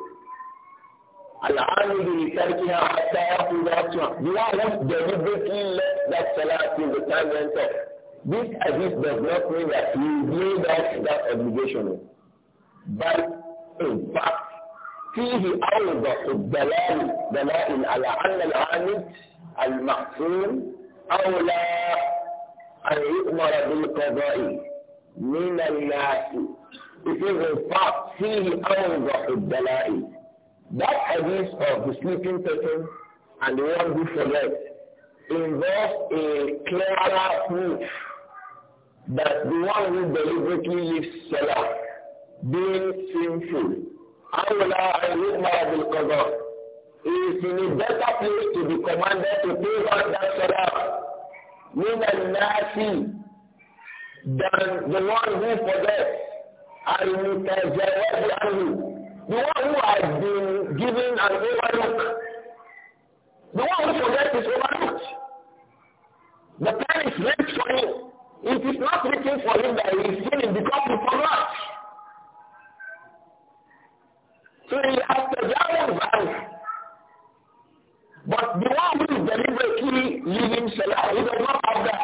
S1: العامل لتركها حتى يأخذ وقتها. The one who deliberately left that salah till the time went off. This hadith does not mean that he laid that obligation. Oh. But in fact, فيه أوضح الدلال دلائل على أن العامل المحصول أولى أن يؤمر بالقضاء من الناس It is in fact فيه أوضح الدلائل That hadith of the sleeping person and the one who forgets involves a clearer proof that the one who deliberately leaves Salah being sinful أولى أن يؤمر بالقضاء is in a better place to be commanded to pay back that Salah minan nasi than the one who forgets al-mutajawadi anhu. The one who has been
S2: given an overlook. The one who forgets is overlooked. The plan is meant for him.
S1: It is not written for him that he is sinning because he forgot. So he has to tajawad anhu. But the one who is deliberately leaving Salah, he does not have that.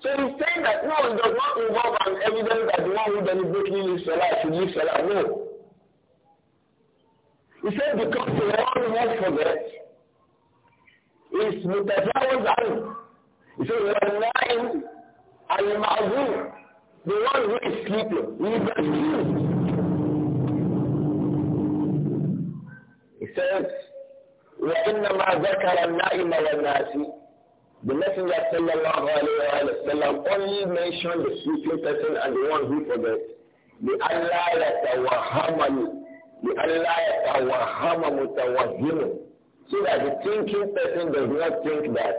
S1: So he's saying that no, it does not involve an evidence that the one who deliberately leaves Salah should live Salah. No. He said because the one who forgets is mutajawaz an. He said wallahi al-ma'zur, the one who is sleeping, he is excused. He says, وإنما ذكر النائم والناسي The Messenger sallallahu alayhi wa sallam only mentioned the sleeping person and the one who forgets. لألا يتوهم لألا يتوهم متوهم So that the thinking person does not think that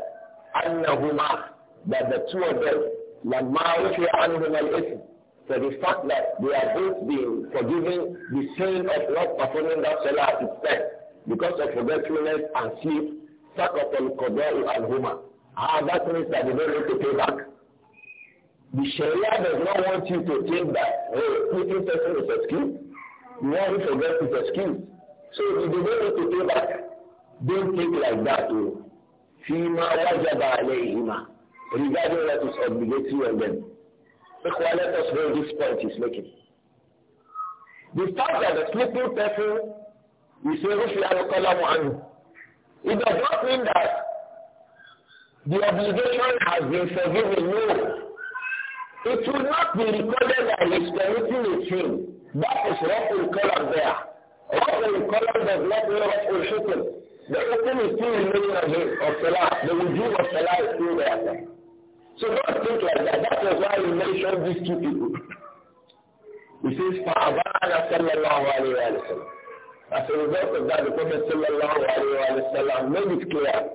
S1: أنهما that the two of them لما رفع عنهما الإثم So the fact that they are both being forgiven the sin of not performing that salah itself because of forgetfulness and sleep, سقط and عنهما. Ah, that means that they don't want to pay back. The Sharia does not want you to think that, hey, sleeping person is excused. You want to forget is excused. So if they don't want to pay back, don't think like that. فيما وجب عليهما regarding what is obligatory on them. Look, let us know this point is making. The fact that the sleeping person we say, It does not mean that the obligation has been forgiven. No. It will not be recorded that he is committing a sin. That is Raful Qalam there. Raful Qalam does not mean Raful Shukr. The Shukr is still remaining of, his, of Salah. The wujud of Salah is still there. So don't think like that. That was why we mentioned these two people. He says, فَأَبَانَ صَلَّى اللَّهُ عَلَيْهِ وَسَلَّمَ as a result of that, the Prophet sallallahu alayhi wa sallam made it clear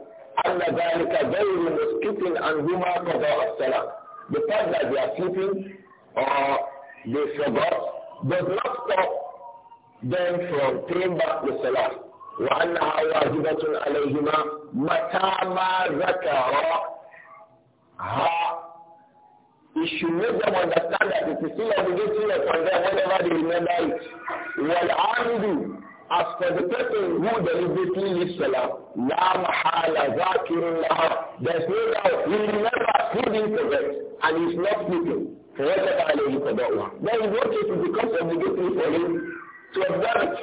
S1: أن ذلك غير مسكت عنهما قضاء الصلاة. The fact that they are sleeping or they forgot does not stop them from paying back the salah. وأنها واجبة عليهما متى ما ذكرها it should make them understand that it is still obligatory upon them whenever they remember it. وَالْعَامِدُ as for the person who deliberately leaves Salah, La mahala zakirullah, there's no doubt he will never put into and he's not sleeping. Forever alayhi qada'wa. There is no case it becomes obligatory for him to observe it.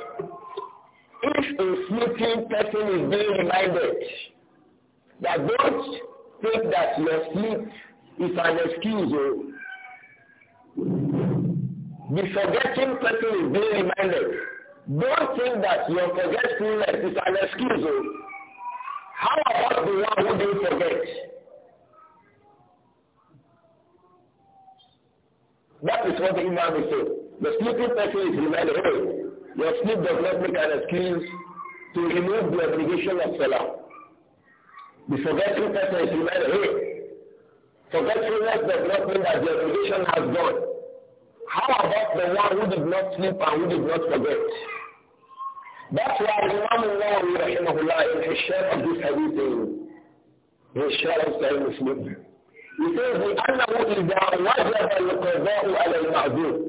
S1: If a sleeping person is being reminded that don't think that your sleep is an excuse. Oh, the forgetting person is being reminded don't think that your forgetfulness is an excuse.
S2: Oh. How about the one who didn't forget?
S1: That is what the Imam is saying. The sleeping person is reminded, hey, your sleep does not make an excuse to remove the obligation of Salah. The forgetful person is reminded, hey, forgetfulness does not mean that the obligation has gone. How about the one who did not sleep and who did not forget? That's why Imam al-Nawawi rahimahullah in his share of this hadith in his share of Sahih Muslim. He says, لأنه إذا وجب القضاء على المعذور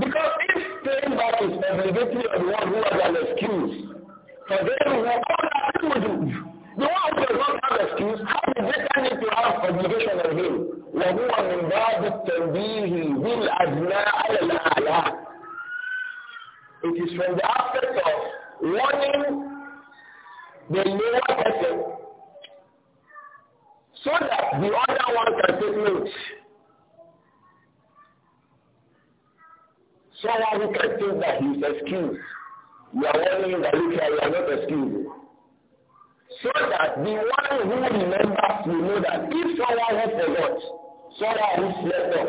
S2: Because if paying back is obligatory on one who has an excuse, for them who all are people do, the one who does not have excuse, how
S1: did they turn it to have obligation on him? وهو من باب التنبيه بالأدنى على الأعلى. It is from the aspect of warning the lower person so that the other one can take note. Someone who can think that he is excused. we are warning that look here, you are not excused. So that the one who remembers will know that if someone has a lot, someone who slept off,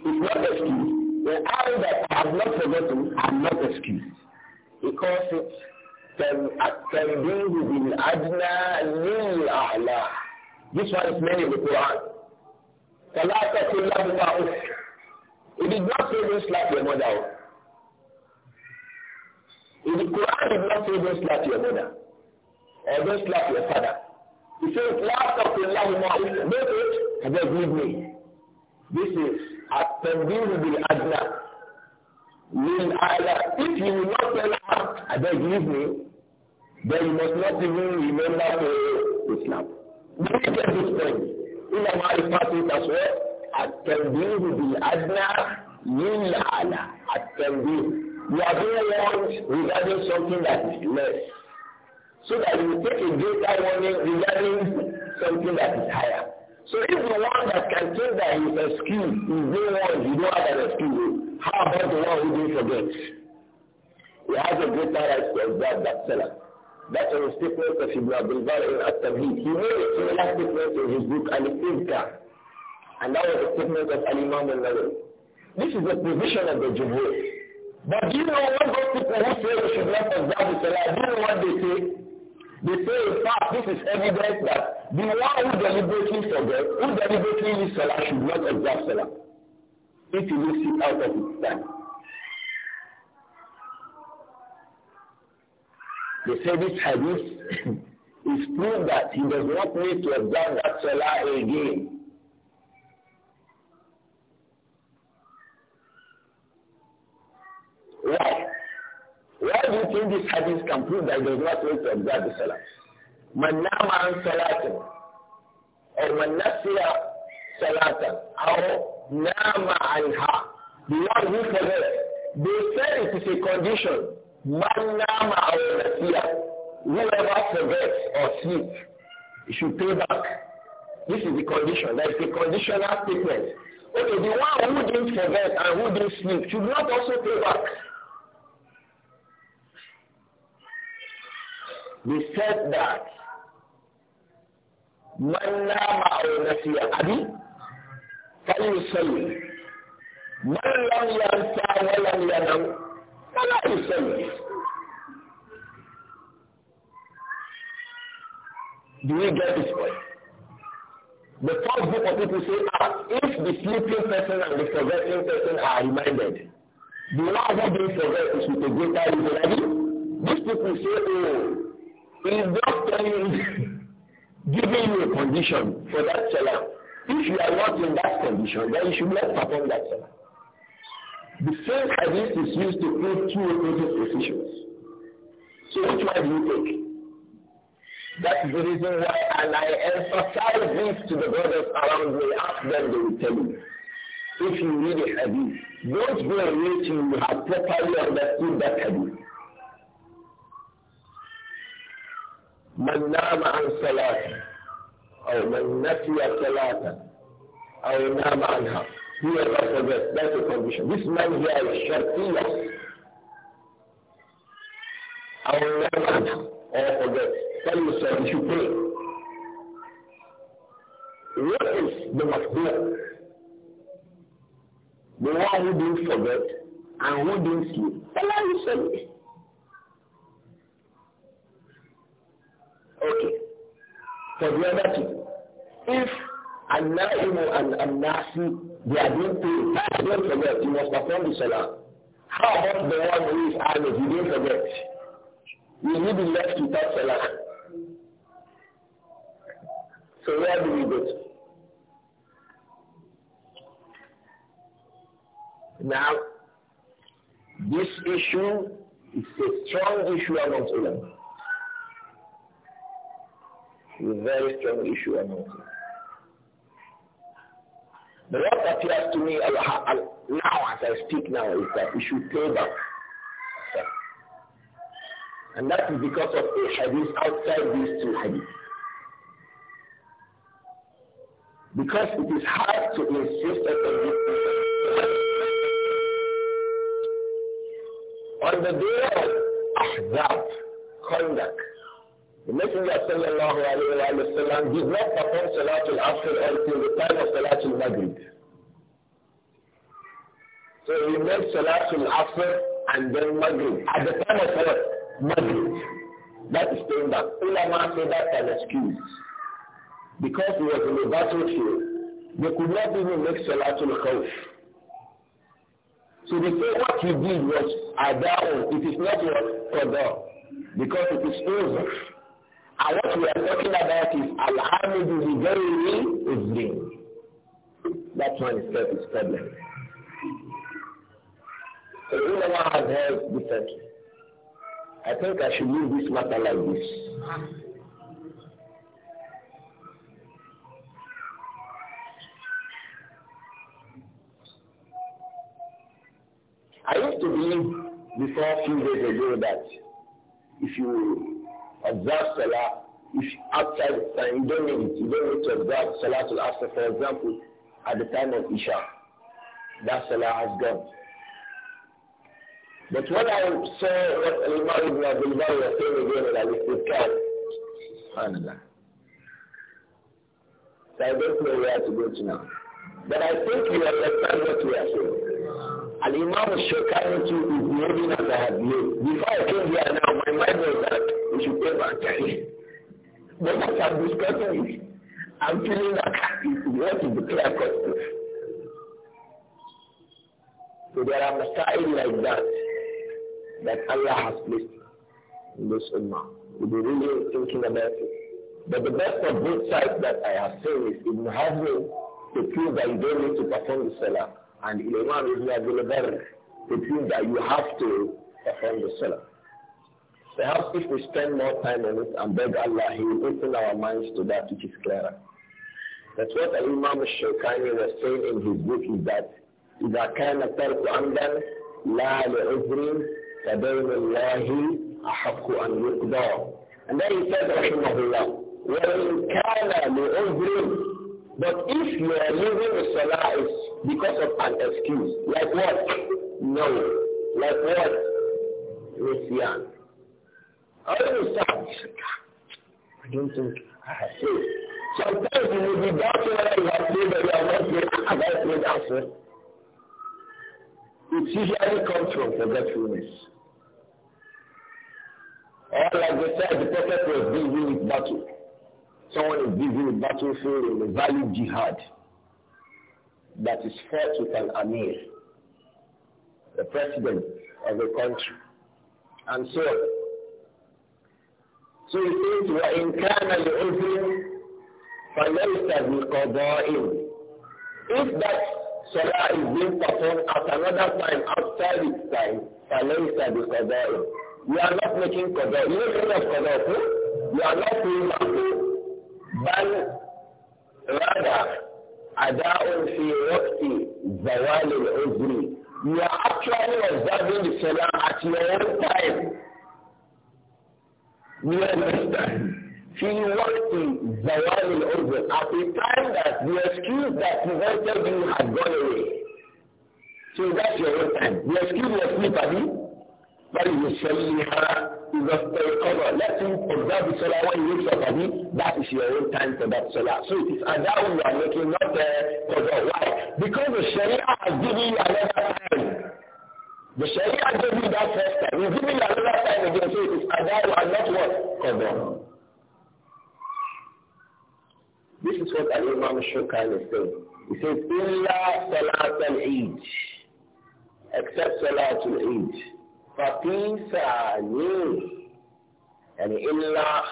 S1: is not excused, the I that I have not forgotten, I am not excused. He calls it التنبيه بالأدنى للأعلى. This one is many in the Quran. فلا تقل لهما أف. It did not say don't slap your mother. In the Quran, it did not say don't slap your mother or don't slap your father. He says, "La تقل لهما أف." Don't it. And then leave me. This is attending with the Adna. Mean either, if you will not tell us, I beg leave me, then you must not even remember to Islam. Look at this point. In our department as well, التنبيه بالأدنى للأعلى التنبيه We are being warned regarding something that is less so that you take a greater warning regarding something that is higher so if the one that can say that a skill, is being warned you don't have an excuse how about the one who didn't forget? He has a great right to that salah. That's a statement that Ibn Abdul Bar in At-Tabhid. He made a similar statement in his book Al-Izka. And that was a statement of Al-Imam al-Nawawi. This is the position of the Jumhur.
S2: But do you know what those people who say we should not observe the Salah, do you
S1: know what they say? They say, in fact, this is evidence that the one who deliberately forgets, who deliberately leaves Salah should not observe Salah if he lifts it out of his time. the service this hadith *coughs* is proof that he does not need to observe that salah again. Why? Why do you think this hadith can prove that he does not need to observe the salah? من نام عن صلاة أو من نسي صلاة أو Nama alha, The one who forgets. They said it is a condition. Man nama awanasia. Whoever forgets or sleeps, he should pay back. This is the condition. That is the conditional statement. Okay, the one who didn't forget and who didn't sleep should not also pay back.
S2: They said that.
S1: Man nama awanasia. Abi? فإن يصلي من لم ينفع ولم ينم فلا يصلي Do we get this point? The first group of people say, ah, if the sleeping person and the forgetting person are reminded, the one who did forget is with a greater reason. These people say, oh, he's just telling *laughs* giving you a condition for that challenge. If you are not in that condition, then you should not perform that salah. The same hadith is used to prove two opposite positions. So which one do you take? That's the reason why, and I emphasize this to the brothers around me, ask them, they will tell you. If you read a hadith, don't go away till you have properly understood that hadith. من نام عن صلاته أو من نسي صلاة أو نام عنها that's the condition. This man here is Shartiya. I will never or forget. Tell yourself you pray. What is the Masbih? The one who didn't forget and who didn't sleep. Allow yourself. Okay for the other two. If an animal and a nasi they are being paid, don't forget, you must perform the salah. How about the one who is armed, you don't forget. You need be left without salah. So where do we go to? Now, this issue is a strong issue amongst ulama is a very strong issue among them. what appears to me uh, uh, now as I speak now is that we should pay back. And that is because of a hadith outside these two hadiths. Because it is hard to insist on the day of Ahzab, conduct, the Messenger sallallahu Allah, wa sallam did not perform Salatul Asr until the time of Salatul Maghrib. So he made Salatul Asr and then Maghrib. At the time of what? Maghrib. That is saying that ulama said that an excuse. Because he was in the battlefield, they could not even make Salatul Khawf. So they say what he did was adawun. It is not for God Because it is over. And what we are talking about is Al-Hamidu is Uzlim. That one itself is problem. So everyone has heard differently. I think I should leave this matter like this.
S2: I used to believe before a few days ago that if
S1: you observe Salah if outside the time, you don't need it. You don't need to observe Salah to after, for example, at the time of Isha. That Salah has gone. But when I saw what Imam Ibn Abdul Bari was saying again in Al-Istiqar, subhanAllah. So I don't know where to go to now. But I think you understand what we are saying. Al-Imam Shokani too is behaving as I have behaved. Before I came here now, my mind was that we should pay back time. But as I'm discussing it, I'm feeling like what is the clear cut So there are masail like that that Allah has placed in this ummah. We'll be really thinking about it. But the best of both sides that I have seen is in having the prove that you don't need to perform the salah and Imam Ibn Abdul Barr it means that you have to perform the salah. Perhaps if we spend more time on it and beg Allah, He will open our minds to that which is clearer. That's what Imam Shawkani was saying in his book is that إذا كان الترك عمدا لا لعذر فدين الله أحق أن يقضى. And then he said رحمه الله وإن كان لعذر but if you are leaving the salah because of an excuse, like what? No. Like what? Nisyan.
S2: How do you start?
S1: I don't think I have
S2: Sometimes you will be doubting whether you have prayed or you have not prayed. Have I prayed answer? It usually comes from forgetfulness.
S1: Or like they said, the prophet was busy with battle. Someone is busy with battlefield in the valid jihad that is fought with an amir, the president of the country, and so on. So it says, وَإِنْ كَانَ لِعُذْرٍ فَلَيْسَ بِقَضَاءٍ If that salah is being performed at another time outside its time, فَلَيْسَ بِقَضَاءٍ You are not making qadar. You know of qadar, You are not doing بل rather أداء في وقت زوال العذر You are actually observing the salah at في وقت زوال العذر at the time that the excuse that prevented you had gone away. So that's your own time. The excuse was sleep, بل يصليها إذا استيقظ let him observe the salah when he wakes up I mean that is your own time for that salah so it is and that one you are making not uh, for the why because the sharia has given you another time the sharia gave you that first time he's giving you another time again so it is and that one not what for them this is what Al-Imam Shukran is saying he says إلا صلاة العيد except صلاة العيد ففي ثاني يعني إلا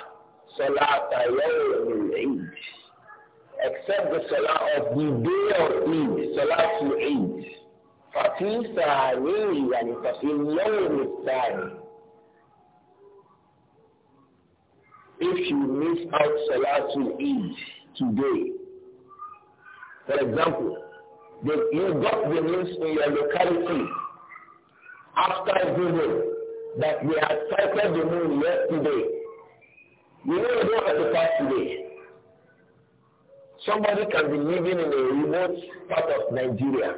S1: صلاة يوم العيد except the Salah of the day of Eid, Salah to Eid. ففي ثاني يعني ففي اليوم الثاني if you miss out Salah to Eid today. For example, you got the news in your locality after Zuhur that we had sighted the moon yesterday. You know we don't have to pass today. Somebody can be living in a remote part of Nigeria.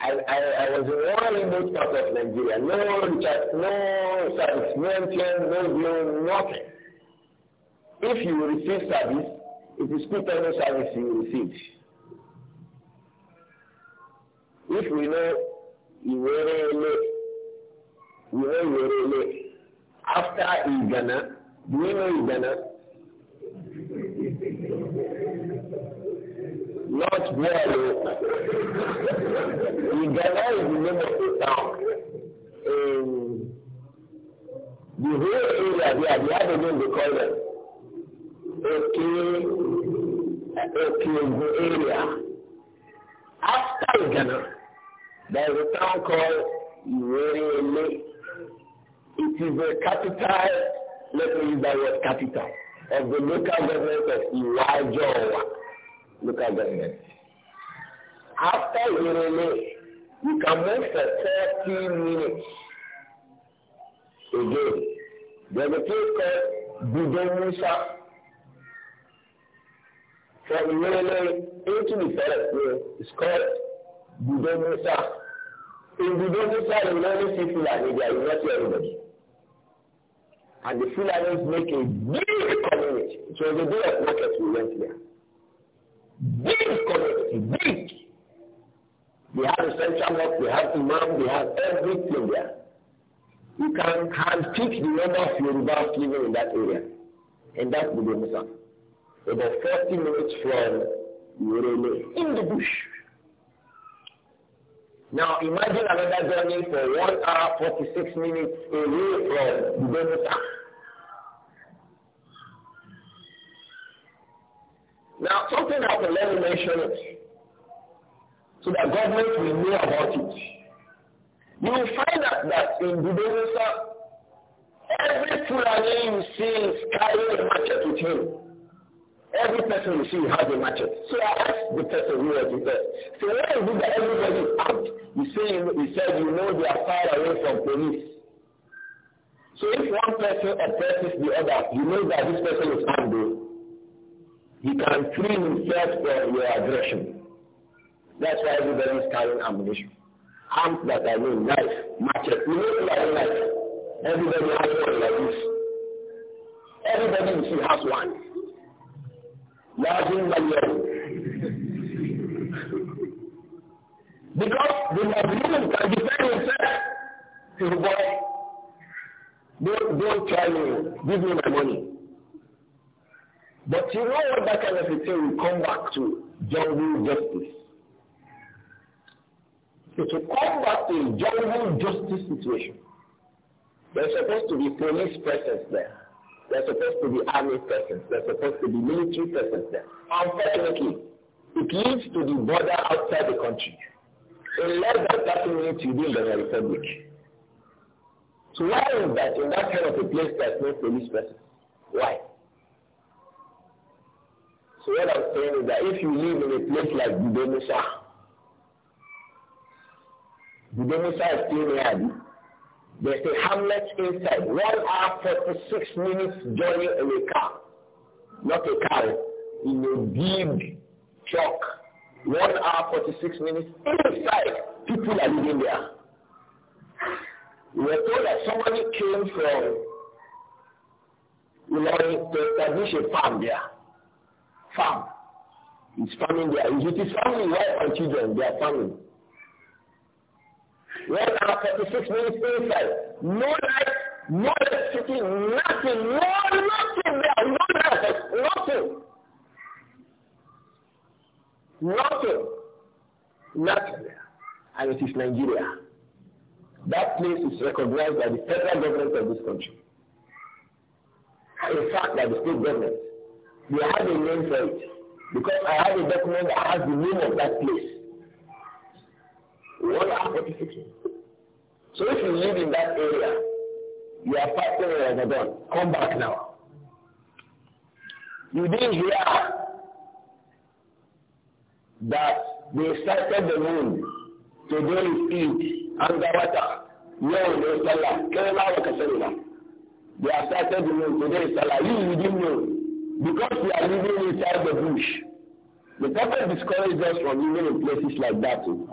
S1: I, I, I was in one remote part of Nigeria. No recharge, no service, no MTN, no nothing. If you receive service, it is the service you receive. If we know Iwerele. Iwerele. After Igana, do you know Igana? Not well. Igana is the name of the town. Um, the whole area there, they have a name they call them. Okay, okay, the area. After Igana, there is a town called Iwerele. It is the capital, let me use that word capital, of the local government of Iwajowa. Local government. After Iwerele, you can move for 30 minutes. Again, there's a place called Budomusa. From Iwerele into the forest, it's called Budomusa. In the don't try to manage people like media, you not see anybody. And the Fulanis make a big community. It was a day of market we went there. Big community, big. They have a central mosque, they have imam, they have everything there. You can handpick the number of Yorubas living in that area. And that's the Muslim. About 40 minutes from Yorele, in the bush. Now imagine another journey for one hour forty six minutes away from Bogota. Now something else let me mention it
S2: so that government will know
S1: about it. You will find out that in Dubai, every Fulani you see is carrying a machete with him. Every person you see has a machete. So I asked the person who was with us. So why is it that everybody out? You see, he said, you know they are far away from police. So if one person oppresses the other, you know that this person is angry. He can free himself from your aggression. That's why everybody is carrying ammunition. Arms that I mean, knife, machete. You know what I knife. Everybody has one like this. Everybody you see has one. Because the Muslim can defend himself. His boy, don't, don't try me, give me my money. But you know what that kind of thing will come back to jungle justice. So to come back to a jungle justice situation. There's supposed to be police presence there. They're supposed to be army persons. They're supposed to be military persons there. Unfortunately, it leads to the border outside the country. In less than 30 minutes, the Republic. So why is that in that kind of a place there's no police presence? Why? So what I'm saying is that if you live in a place like Budemusa, Budemusa is still near there's a hamlet inside. One hour, 46 minutes journey in a car. Not a car, in a
S2: big
S1: truck. One hour, 46 minutes inside. People are living there. We were told that somebody came from you to establish a farm there. Farm. He's farming there. With his family, wife and children, they are farming when our 36 minutes inside. No light, no electricity, nothing, no nothing there, no light, nothing. Nothing. Nothing there. And it is Nigeria. That place is recognized by the federal government of this country. The in fact, by the state government. They have a name for it. Because I have a document that has the name of that place. What are forty six So if you live in that area, you are fasting in Ramadan. Come back now. You didn't hear that they started the moon. Today is Eid. Angawata. no ne Sallah. Kirma wa kasarila. They have started the moon. Today is Sallah. You, you didn't know. Because you are living inside the bush. The prophet discouraged us from living in places like that. Too,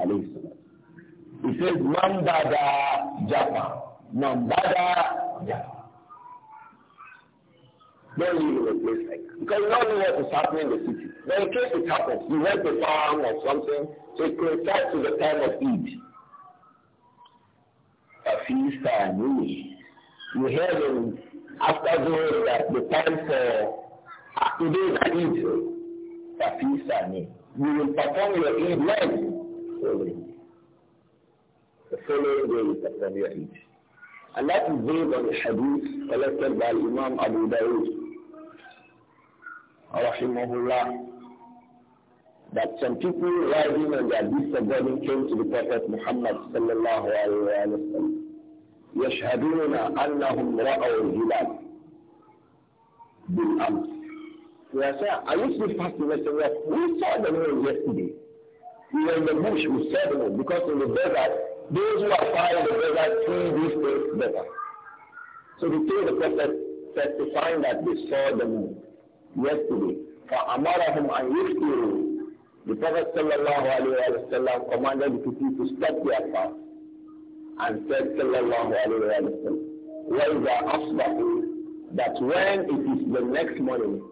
S1: he says, Nambada Japa. Nambada Japa. Don't live in a place like Because you don't know what is happening in the city. But in case it happens, you went to farm or something, so it coincides to the time of Eid. A feast time, really. You hear them after those that the time for uh, today is Eid. A feast time. You will perform your Eid when? the following And that is based on the hadith collected by Imam Abu Dawud, rahimahullah, that some people riding on their beasts of burden came to the Prophet Muhammad sallallahu alayhi wa sallam. يشهدون أنهم رأوا الهلال بالأمس. We are saying, are you still fasting? We saw the moon yesterday. We were in the bush, we saw the moon, because in the desert, those who are far in the desert see these things better. So they told the prophet, testifying that they saw the moon yesterday. فَأَمَرَهُمْ and يُفْتِرُوا The Prophet sallallahu alayhi wa sallam commanded the people to stop their fast and said sallallahu alayhi wa sallam, وَإِذَا أَصْبَحُوا That when it is the next morning,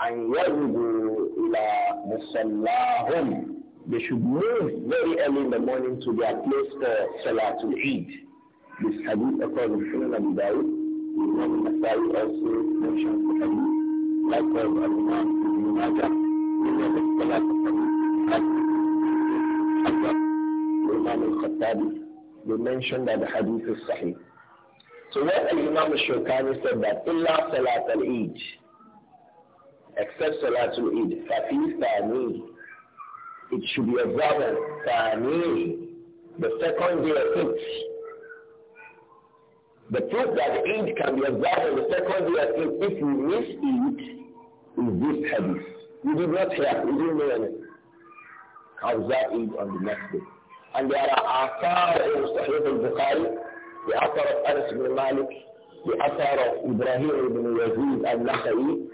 S1: and يَجِبُوا إِلَى مُصَلَّاهُمْ they should move very early in the morning to their place for to Eid. This hadith according to Abu Dawud.
S2: Imam Nasai also the hadith. Likewise, Al-Imam Ibn Majah, the Imam
S1: Al-Khattabi, they mentioned that the hadith is sahih. So what Imam Al-Shawkani said that, إِلَّا al-Eid, Except al Eid, فَفِي ثَانِيهِ it should be observed as the second day of Eid. The proof that Eid can be observed on the second day of Eid if we miss Eid is this hadith. We did not hear, we didn't know anything. Observe Eid on the next day. And there are Akar in Sahih al-Bukhari, the Athar of Anas ibn Malik, the Athar of Ibrahim ibn Yazid al-Nakhai,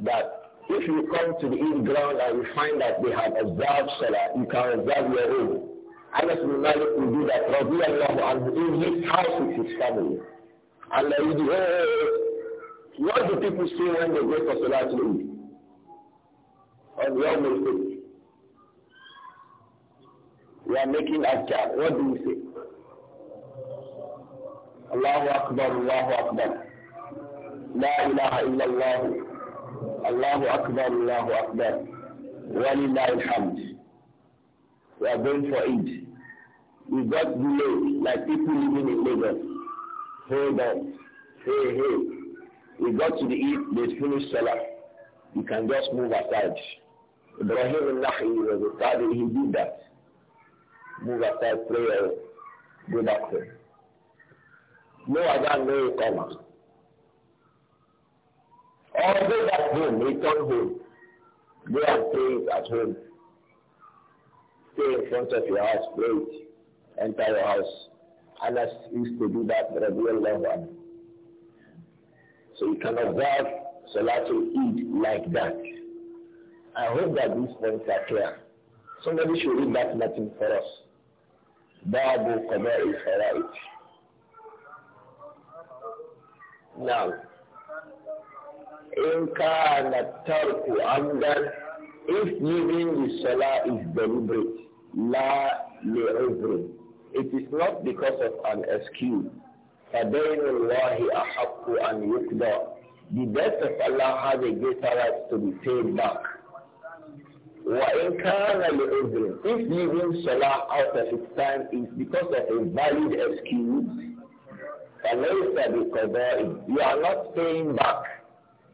S1: that if you come to the East ground and you find that they have observed Salah, you can observe your own. Anas bin Malik will do that, radiallahu and in his house with his family. Allah they will do, what do people say when they go for Salah to the East? On your mistake. We are making a job. What do you say? Allahu Akbar, Allahu Akbar. La ilaha illallah. Allahu Akbar, Allahu Akbar. Walillahi alhamd. We are going for Eid. We got delayed, like people living in Lagos. Hey, Hey, hey. We got to the Eid, they finished Salah. You can just move aside. Ibrahim al-Nahi was a father, he did that. Move aside, pray, uh, go back home. No other, no Iqamah. All those at home, return home. Go and pray at home. Stay in front of your house, pray it. Enter your house. Allah used to do that, real anhu. So you can observe Salatul Eid like that. I hope that these points are clear. Somebody should read that matter for us. Babu Qada'i Fara'id. Now, إن كان الترك عمدا if leaving the salah is deliberate لا لعذر it is not because of an excuse فدين الله أحق أن يقضى the debt of Allah has a greater right to be paid back وإن كان لعذر if leaving salah out of its time is because of a valid excuse فليس بقضاء you are not paying back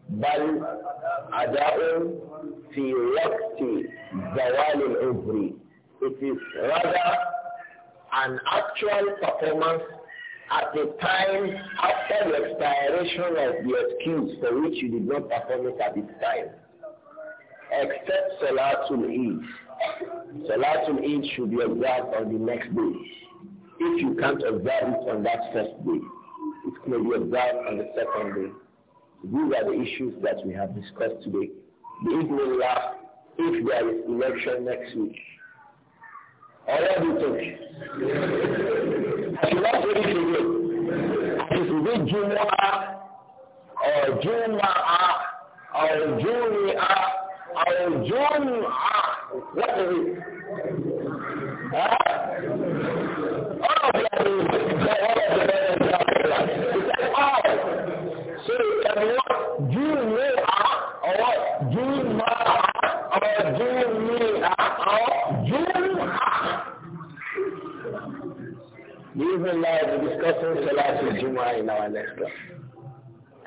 S1: بل أداء في وقت زوال العذر
S2: it is rather
S1: an actual performance at the time after the expiration of the excuse for which you did not perform it at this time except Salatul Eid. Salatul Eid should be observed on the next day. If you can't observe it on that first day, it can be observed on the second day. These are the issues that we have discussed today. will Bismillah, if there is election next week. All of you talk. I should not read it today. I should read Jumu'ah or Jumu'ah or Jumu'ah or Jumu'ah. What is it? Huh? All of you, all of you.
S2: are of Jum'ah.
S1: We even now be discussing Salatul Jum'ah in our next class.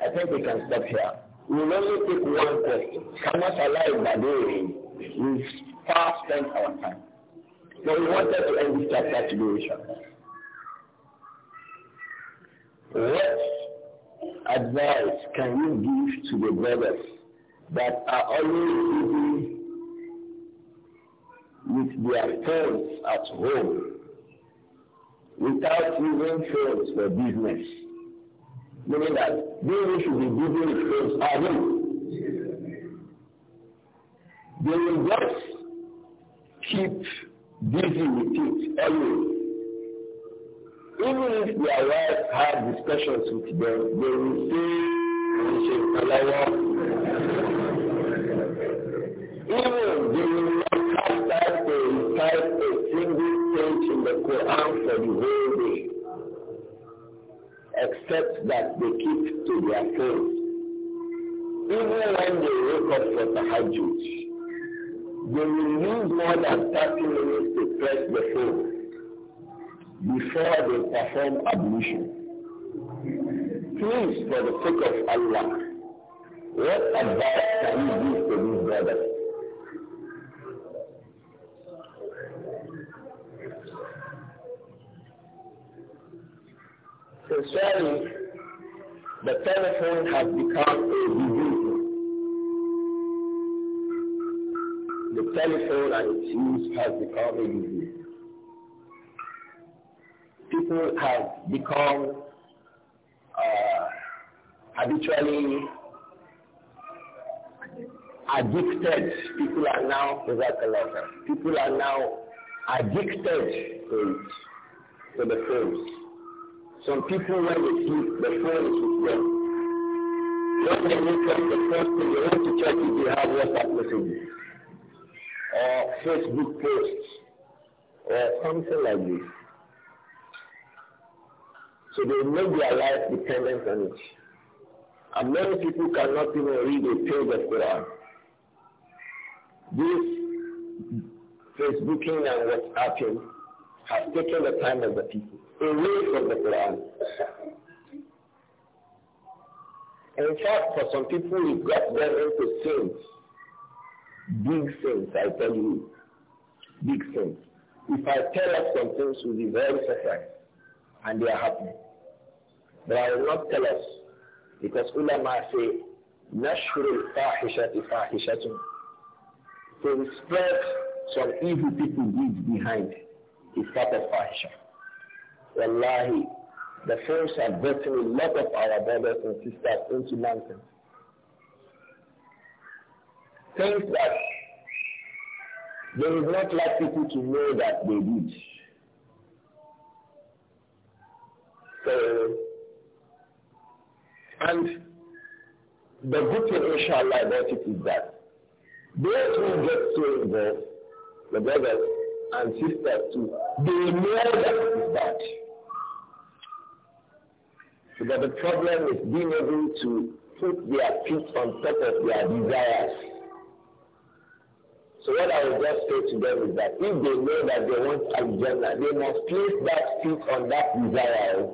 S1: I think we can stop here. We will only take one question. Cannot allow Baduri. We far spent our time. But we wanted to end this chapter today, What advice can you give to the brothers that are always with their phones at home without even phones for business. Meaning that they should be giving phones home. They will just keep busy with it anyway. Even if their wives have discussions with them, they will say, Even they will the Quran for the whole day, except that they keep to their phones. Even when they wake up for tahajjud, they will use more than 30 minutes to press the phone before they perform ablution. Please, for the sake of Allah, what advice can you give to these brothers? Sincerely, the telephone has become a disease. The telephone and its use has become a disease. People have become uh, habitually addicted. People are now, people are now addicted to, to the phones. Some people, when they sleep, the phone is with them. When they wake up, the first thing they want to check if they have WhatsApp messages or Facebook posts or something like this. So they make their life dependent on it. And many people cannot even read a page of Quran. This Facebooking and WhatsApping has taken the time of the people away from the Quran. In fact, for some people, it got them into sins.
S2: Big sins, I tell you. Big sins. If I tell us some things, we'll be
S1: very surprised. And they are happy. But I will not tell us. Because ulama say, natural fahishat is fahishatun. So we spread some evil people deeds behind. It's part of fahishat. Wallahi, the first have gotten a lot of our brothers and sisters into nonsense. Things that there is not like people to know that they did. So, and the good thing, inshallah, about it is that those who get so involved, the brothers and sisters too, they know that it's bad. That the problem is being able to put their feet on top of their desires. So what I would just say to them is that if they know that they want Al-Jannah, they must place that feet on that desire.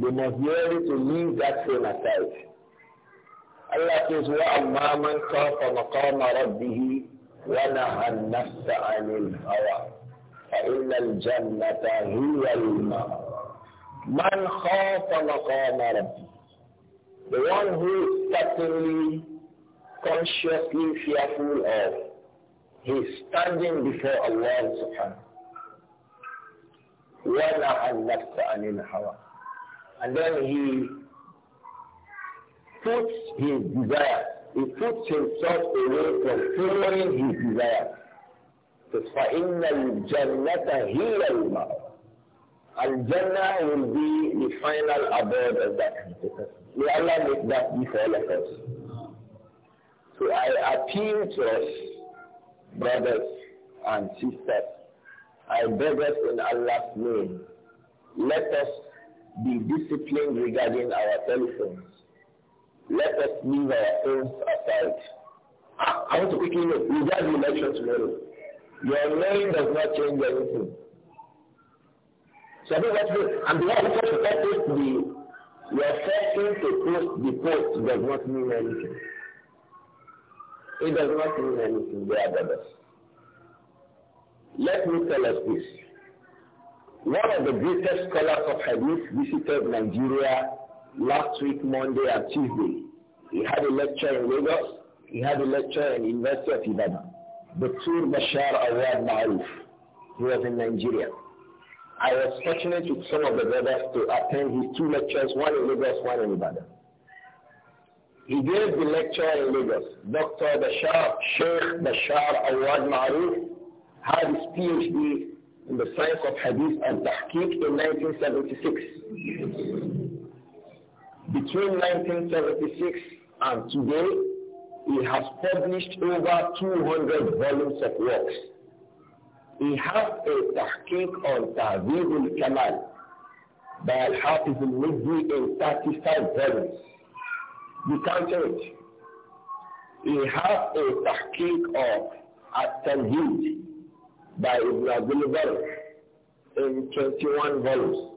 S1: They must be able to leave that thing aside. Allah says, وَأَمَّا مَنْ خَافَ مَقَامَ رَبِّهِ ونهى النفس عن الهوى فإن الجنة هي المأوى Man khafa maqama The one who is certainly consciously fearful of his standing before Allah subhanahu wa Taala. and then he puts his desire, he puts himself away from following his desire. فَإِنَّ الْجَنَّةَ هِيَ الْمَأْوَى and jannah will be the final abode of that May Allah make that be for all of us. So I appeal to us, brothers and sisters, I beg us in Allah's name, let us be disciplined regarding our telephones. Let us leave our phones aside. I want to quickly note, regarding election tomorrow, your name does not change anything. So do what and the one who post the your forcing to post the post does not mean anything. It does not mean anything, dear brothers. Let me tell us this. One of the greatest scholars of Hadith visited Nigeria last week, Monday and Tuesday. He had a lecture in Lagos. He had a lecture in University of Ibadan. Dr. Bashar Awad Ma'aruf. He was in Nigeria. I was fortunate with some of the brothers to attend his two lectures, one in Lagos, one in Ibadan. He gave the lecture in Lagos. Dr. Bashar Sheikh Bashar Awad Maruf had his PhD in the science of Hadith and Tahqiq in 1976. Between 1976 and today, he has published over 200 volumes of works he has a tahqiq on Ta'zirul Kamal by Al-Hafiz al-Mizzi in 35 volumes. You can't change. He has a tahqiq of At-Tanjid by Ibn Abdul Barak in 21 volumes.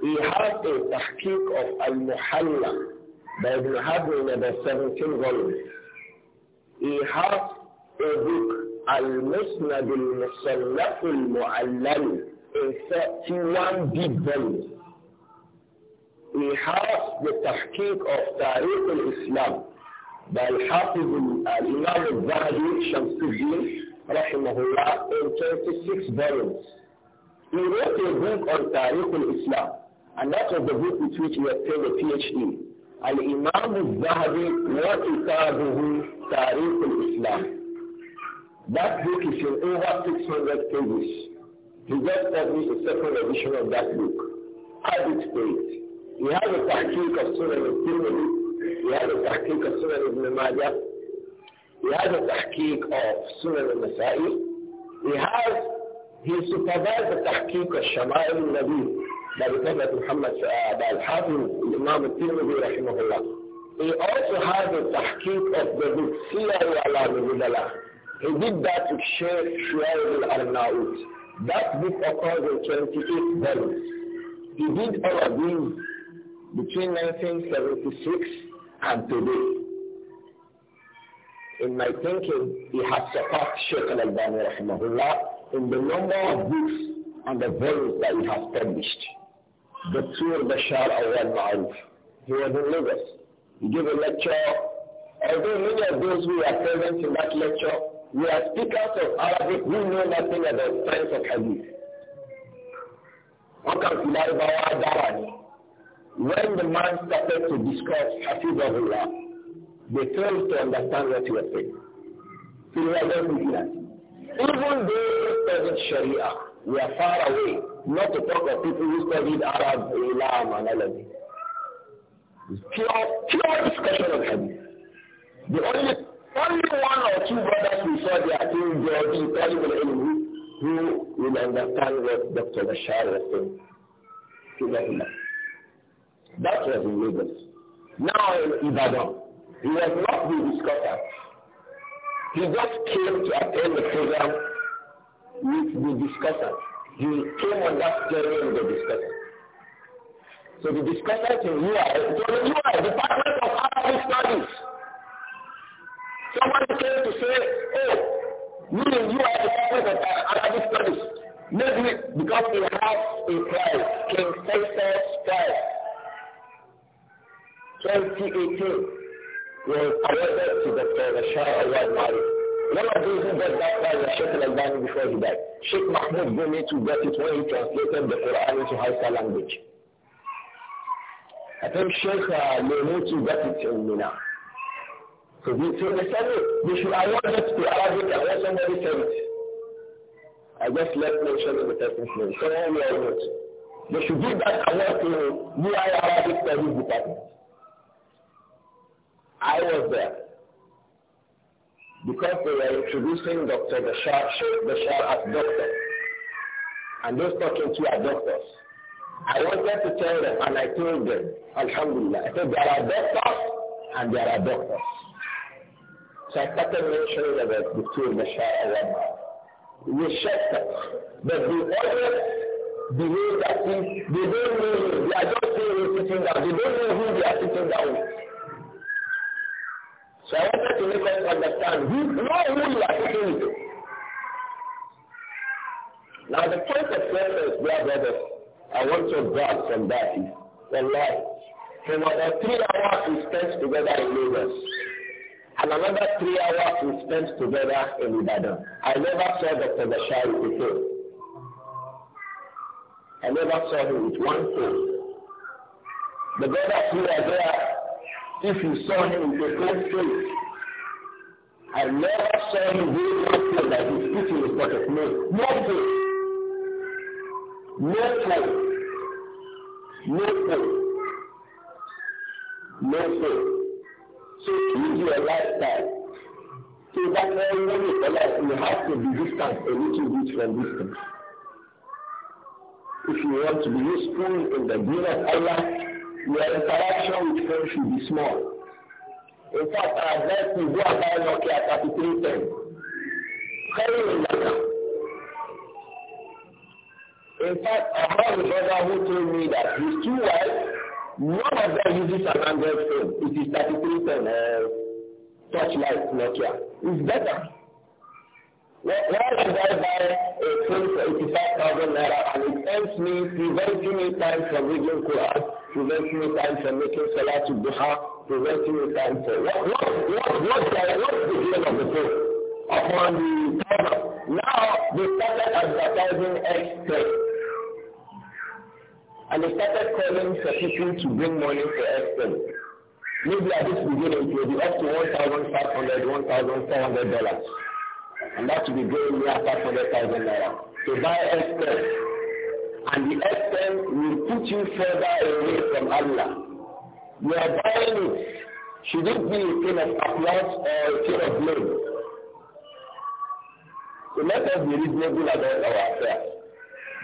S1: He has a tahqiq of Al-Muhalla by Ibn Hazm in about 17 volumes. He has a book Al-Musnad al muallam in 31 big volumes. He has the tahqiq of Tariq al-Islam by Hafiz al-Imam al-Zahabi Shamsuddin rahimahullah in 26 volumes. He wrote a book on Tariq al-Islam and that was the book with which he obtained a PhD. Al-Imam al-Zahabi wa kitabuhu Tariq al-Islam. That book is in over 600 pages. He just sent me a second edition of that book. Add it to it. He a tahqiq of Sunan of Tirmidhi. He have a tahqiq of Sunan of Majah. He have a tahqiq of Sunan of Nasa'i. He has, he supervised the tahqiq of Shama'il al-Nabi by the Prophet Muhammad, uh, Al-Hafiz, Imam al-Tirmidhi, rahimahullah. He also has a tahqiq of the book Siyar wa Allah, he did that to share Shuaib al-Naud. That book occurs in 28 volumes. He did all of these between 1976 and today. In my thinking, he has surpassed Sheikh al-Albani rahimahullah in the number of books and the volumes that he has published. The Tour Bashar Awad Ma'arif. He was in Lagos. He gave a lecture. Although many of those who were present in that lecture we are speakers of Arabic who know nothing about science of Hadith. When the man started to discuss Allah, they failed to understand what he was saying. So we are Even though studied Sharia, we are far away, not to talk of people who studied Arab, Islam, and all of Pure, pure discussion of Hadith. The only only one or two brothers who saw their thing there being terrible enemy who will understand what Dr. Bashar was saying. That was in Lagos. Now in Ibadan, he was not been discoverer. He just came to attend the program with the discussant. He came on that journey with the discussant. So the discussant in UI, so in UI, Department of Arabic Studies,
S2: Someone came to say,
S1: oh, me and you are the topic of Arabic studies. Maybe because we have a prize, King Faisal Prize. 2018 was awarded to Dr. Rashad Awad Malik. One of those who got that prize was Sheikh Al-Albani before he died. Sheikh Mahmoud Gumi to get it when he translated the Quran into Hausa language. I think Sheikh uh, Lemutu got it in Mina. So, we, so they said, we should award it to Arabic and let somebody it. I just left mentioning the person's name. we They should give that award to UI Arabic Studies Department. I was there. Because they were introducing Dr. Bashar, Sheikh Bashar as doctor. And those talking to are doctors. I wanted to tell them and I told them, Alhamdulillah, I said there are doctors and there are doctors. So I started mentioning about the two We shut them. But the others behave that if they don't know you. They are just saying sitting down. They don't know who they are sitting down with. So I wanted to make us understand who, know who you are sitting with. Now the point of reference, dear brothers, I want to grab from that is, Allah, from about three hours we spent together in Lagos, and another three hours we spent together in Ibadan. I never saw Dr. Bashar with a I never saw him with one phone. The brothers who are there, if you saw him with a phone face, I never saw him doing anything That he's putting with pocket. No, no phone. No phone. No phone. No phone. So live your lifestyle. So that when you realize you have to be distant a little bit from this
S2: If you want to be useful in the deen of Allah, your interaction with
S1: friends should be small. In fact, I advise you go and buy Nokia 3310. Carry in Mecca. In fact, I have a brother who told me that his two wives one of them uses an Android phone. It is 33 ton uh, touchlight Nokia. It's better. Why should I buy a phone for 85,000 naira and it helps me, prevents me time from reading Quran, prevents me time from making Salah to Duha, prevents me time for... What, what, what, what, what's the deal of the phone? Upon the... Now, they started advertising X-Tech.
S2: And they started calling for people to bring money for Eskom. Maybe at this beginning it will be up to $1,500, $1,400.
S1: And that will be going near 500,000 dollars To buy Eskom. And the Eskom will put you further away from Allah. You are buying it. Should it be a kind of applause or a of blame? So let us be reasonable about our affairs.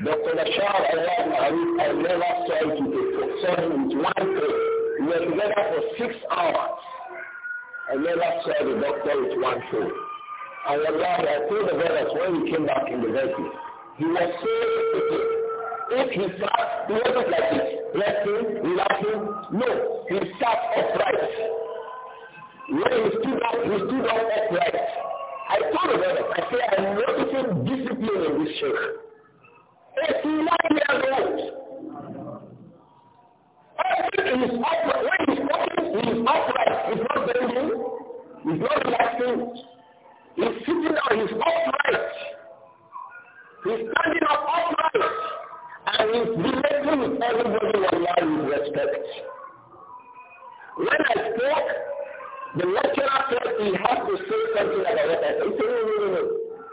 S1: Dr. Bashar Allah Arif I never saw it with a with one thing. We were together for six hours. I never saw the doctor with one thing. And Allah, I told the brothers when we came back in the vessel, he was so sick. If he sat, he wasn't like this, resting, relaxing. No, he
S2: sat upright.
S1: When he stood up, he stood up upright. I told the brothers, I said, I'm noticing discipline in this shaykh.
S2: Thank you. Everything is upright. he's upright. He's not bending. He's not
S1: He's sitting upright. He's standing up upright. And he's with everybody with respect. When I spoke, the lecturer said he to say something about He said, no,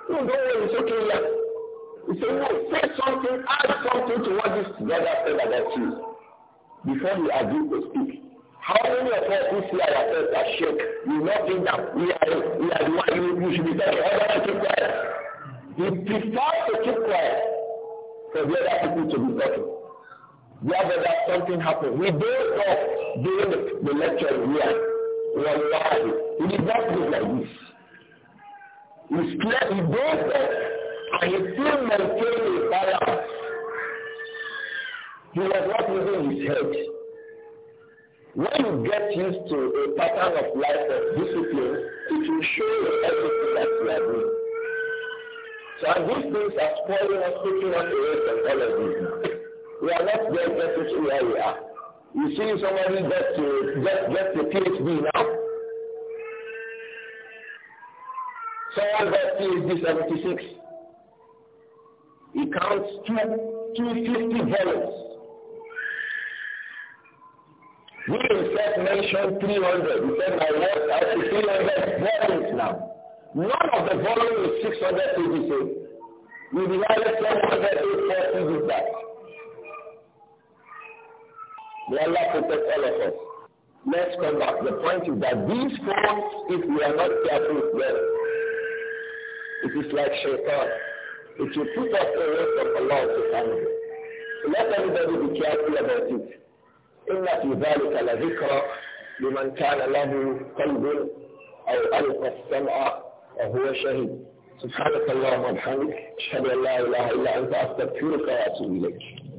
S1: no, no, no. don't worry. He said, no, say something, add something to what this brother said about you. Before you agree to speak. How many of us who see ourselves as shake, we not think that we are, we are the one you, should be talking, other keep quiet. We prefer to keep quiet for the other people to be better. Rather that something happened. We don't talk during the, the lecture here. Wallahi. It is not look like this. We, we don't talk and he still maintained his balance. He was not using his head. When you get used to a pattern of life of discipline, it will show you everything that you are doing. So and these things are spoiling us, taking us away from all of these now. We are not there getting to where we are. You see somebody get to get get a PhD now. Someone got PhD seventy six. It counts two, 250 volumes.
S2: We himself mentioned 300. We said, my work out 300 volumes now.
S1: None of the volume is 600 pages.
S2: We divided 784 pages back.
S1: May Allah protect all of us. Let's come back. The point is that these forms, if we are not careful, well, it is like shaitan. It will put us in waste of Allah subhanahu wa So let everybody be careful about it. إن في ذلك لذكرى لمن كان له قلب أو ألقى السمع وهو
S2: شهيد سبحانك اللهم وبحمدك أشهد أن لا إله إلا أنت أستغفرك وأتوب إليك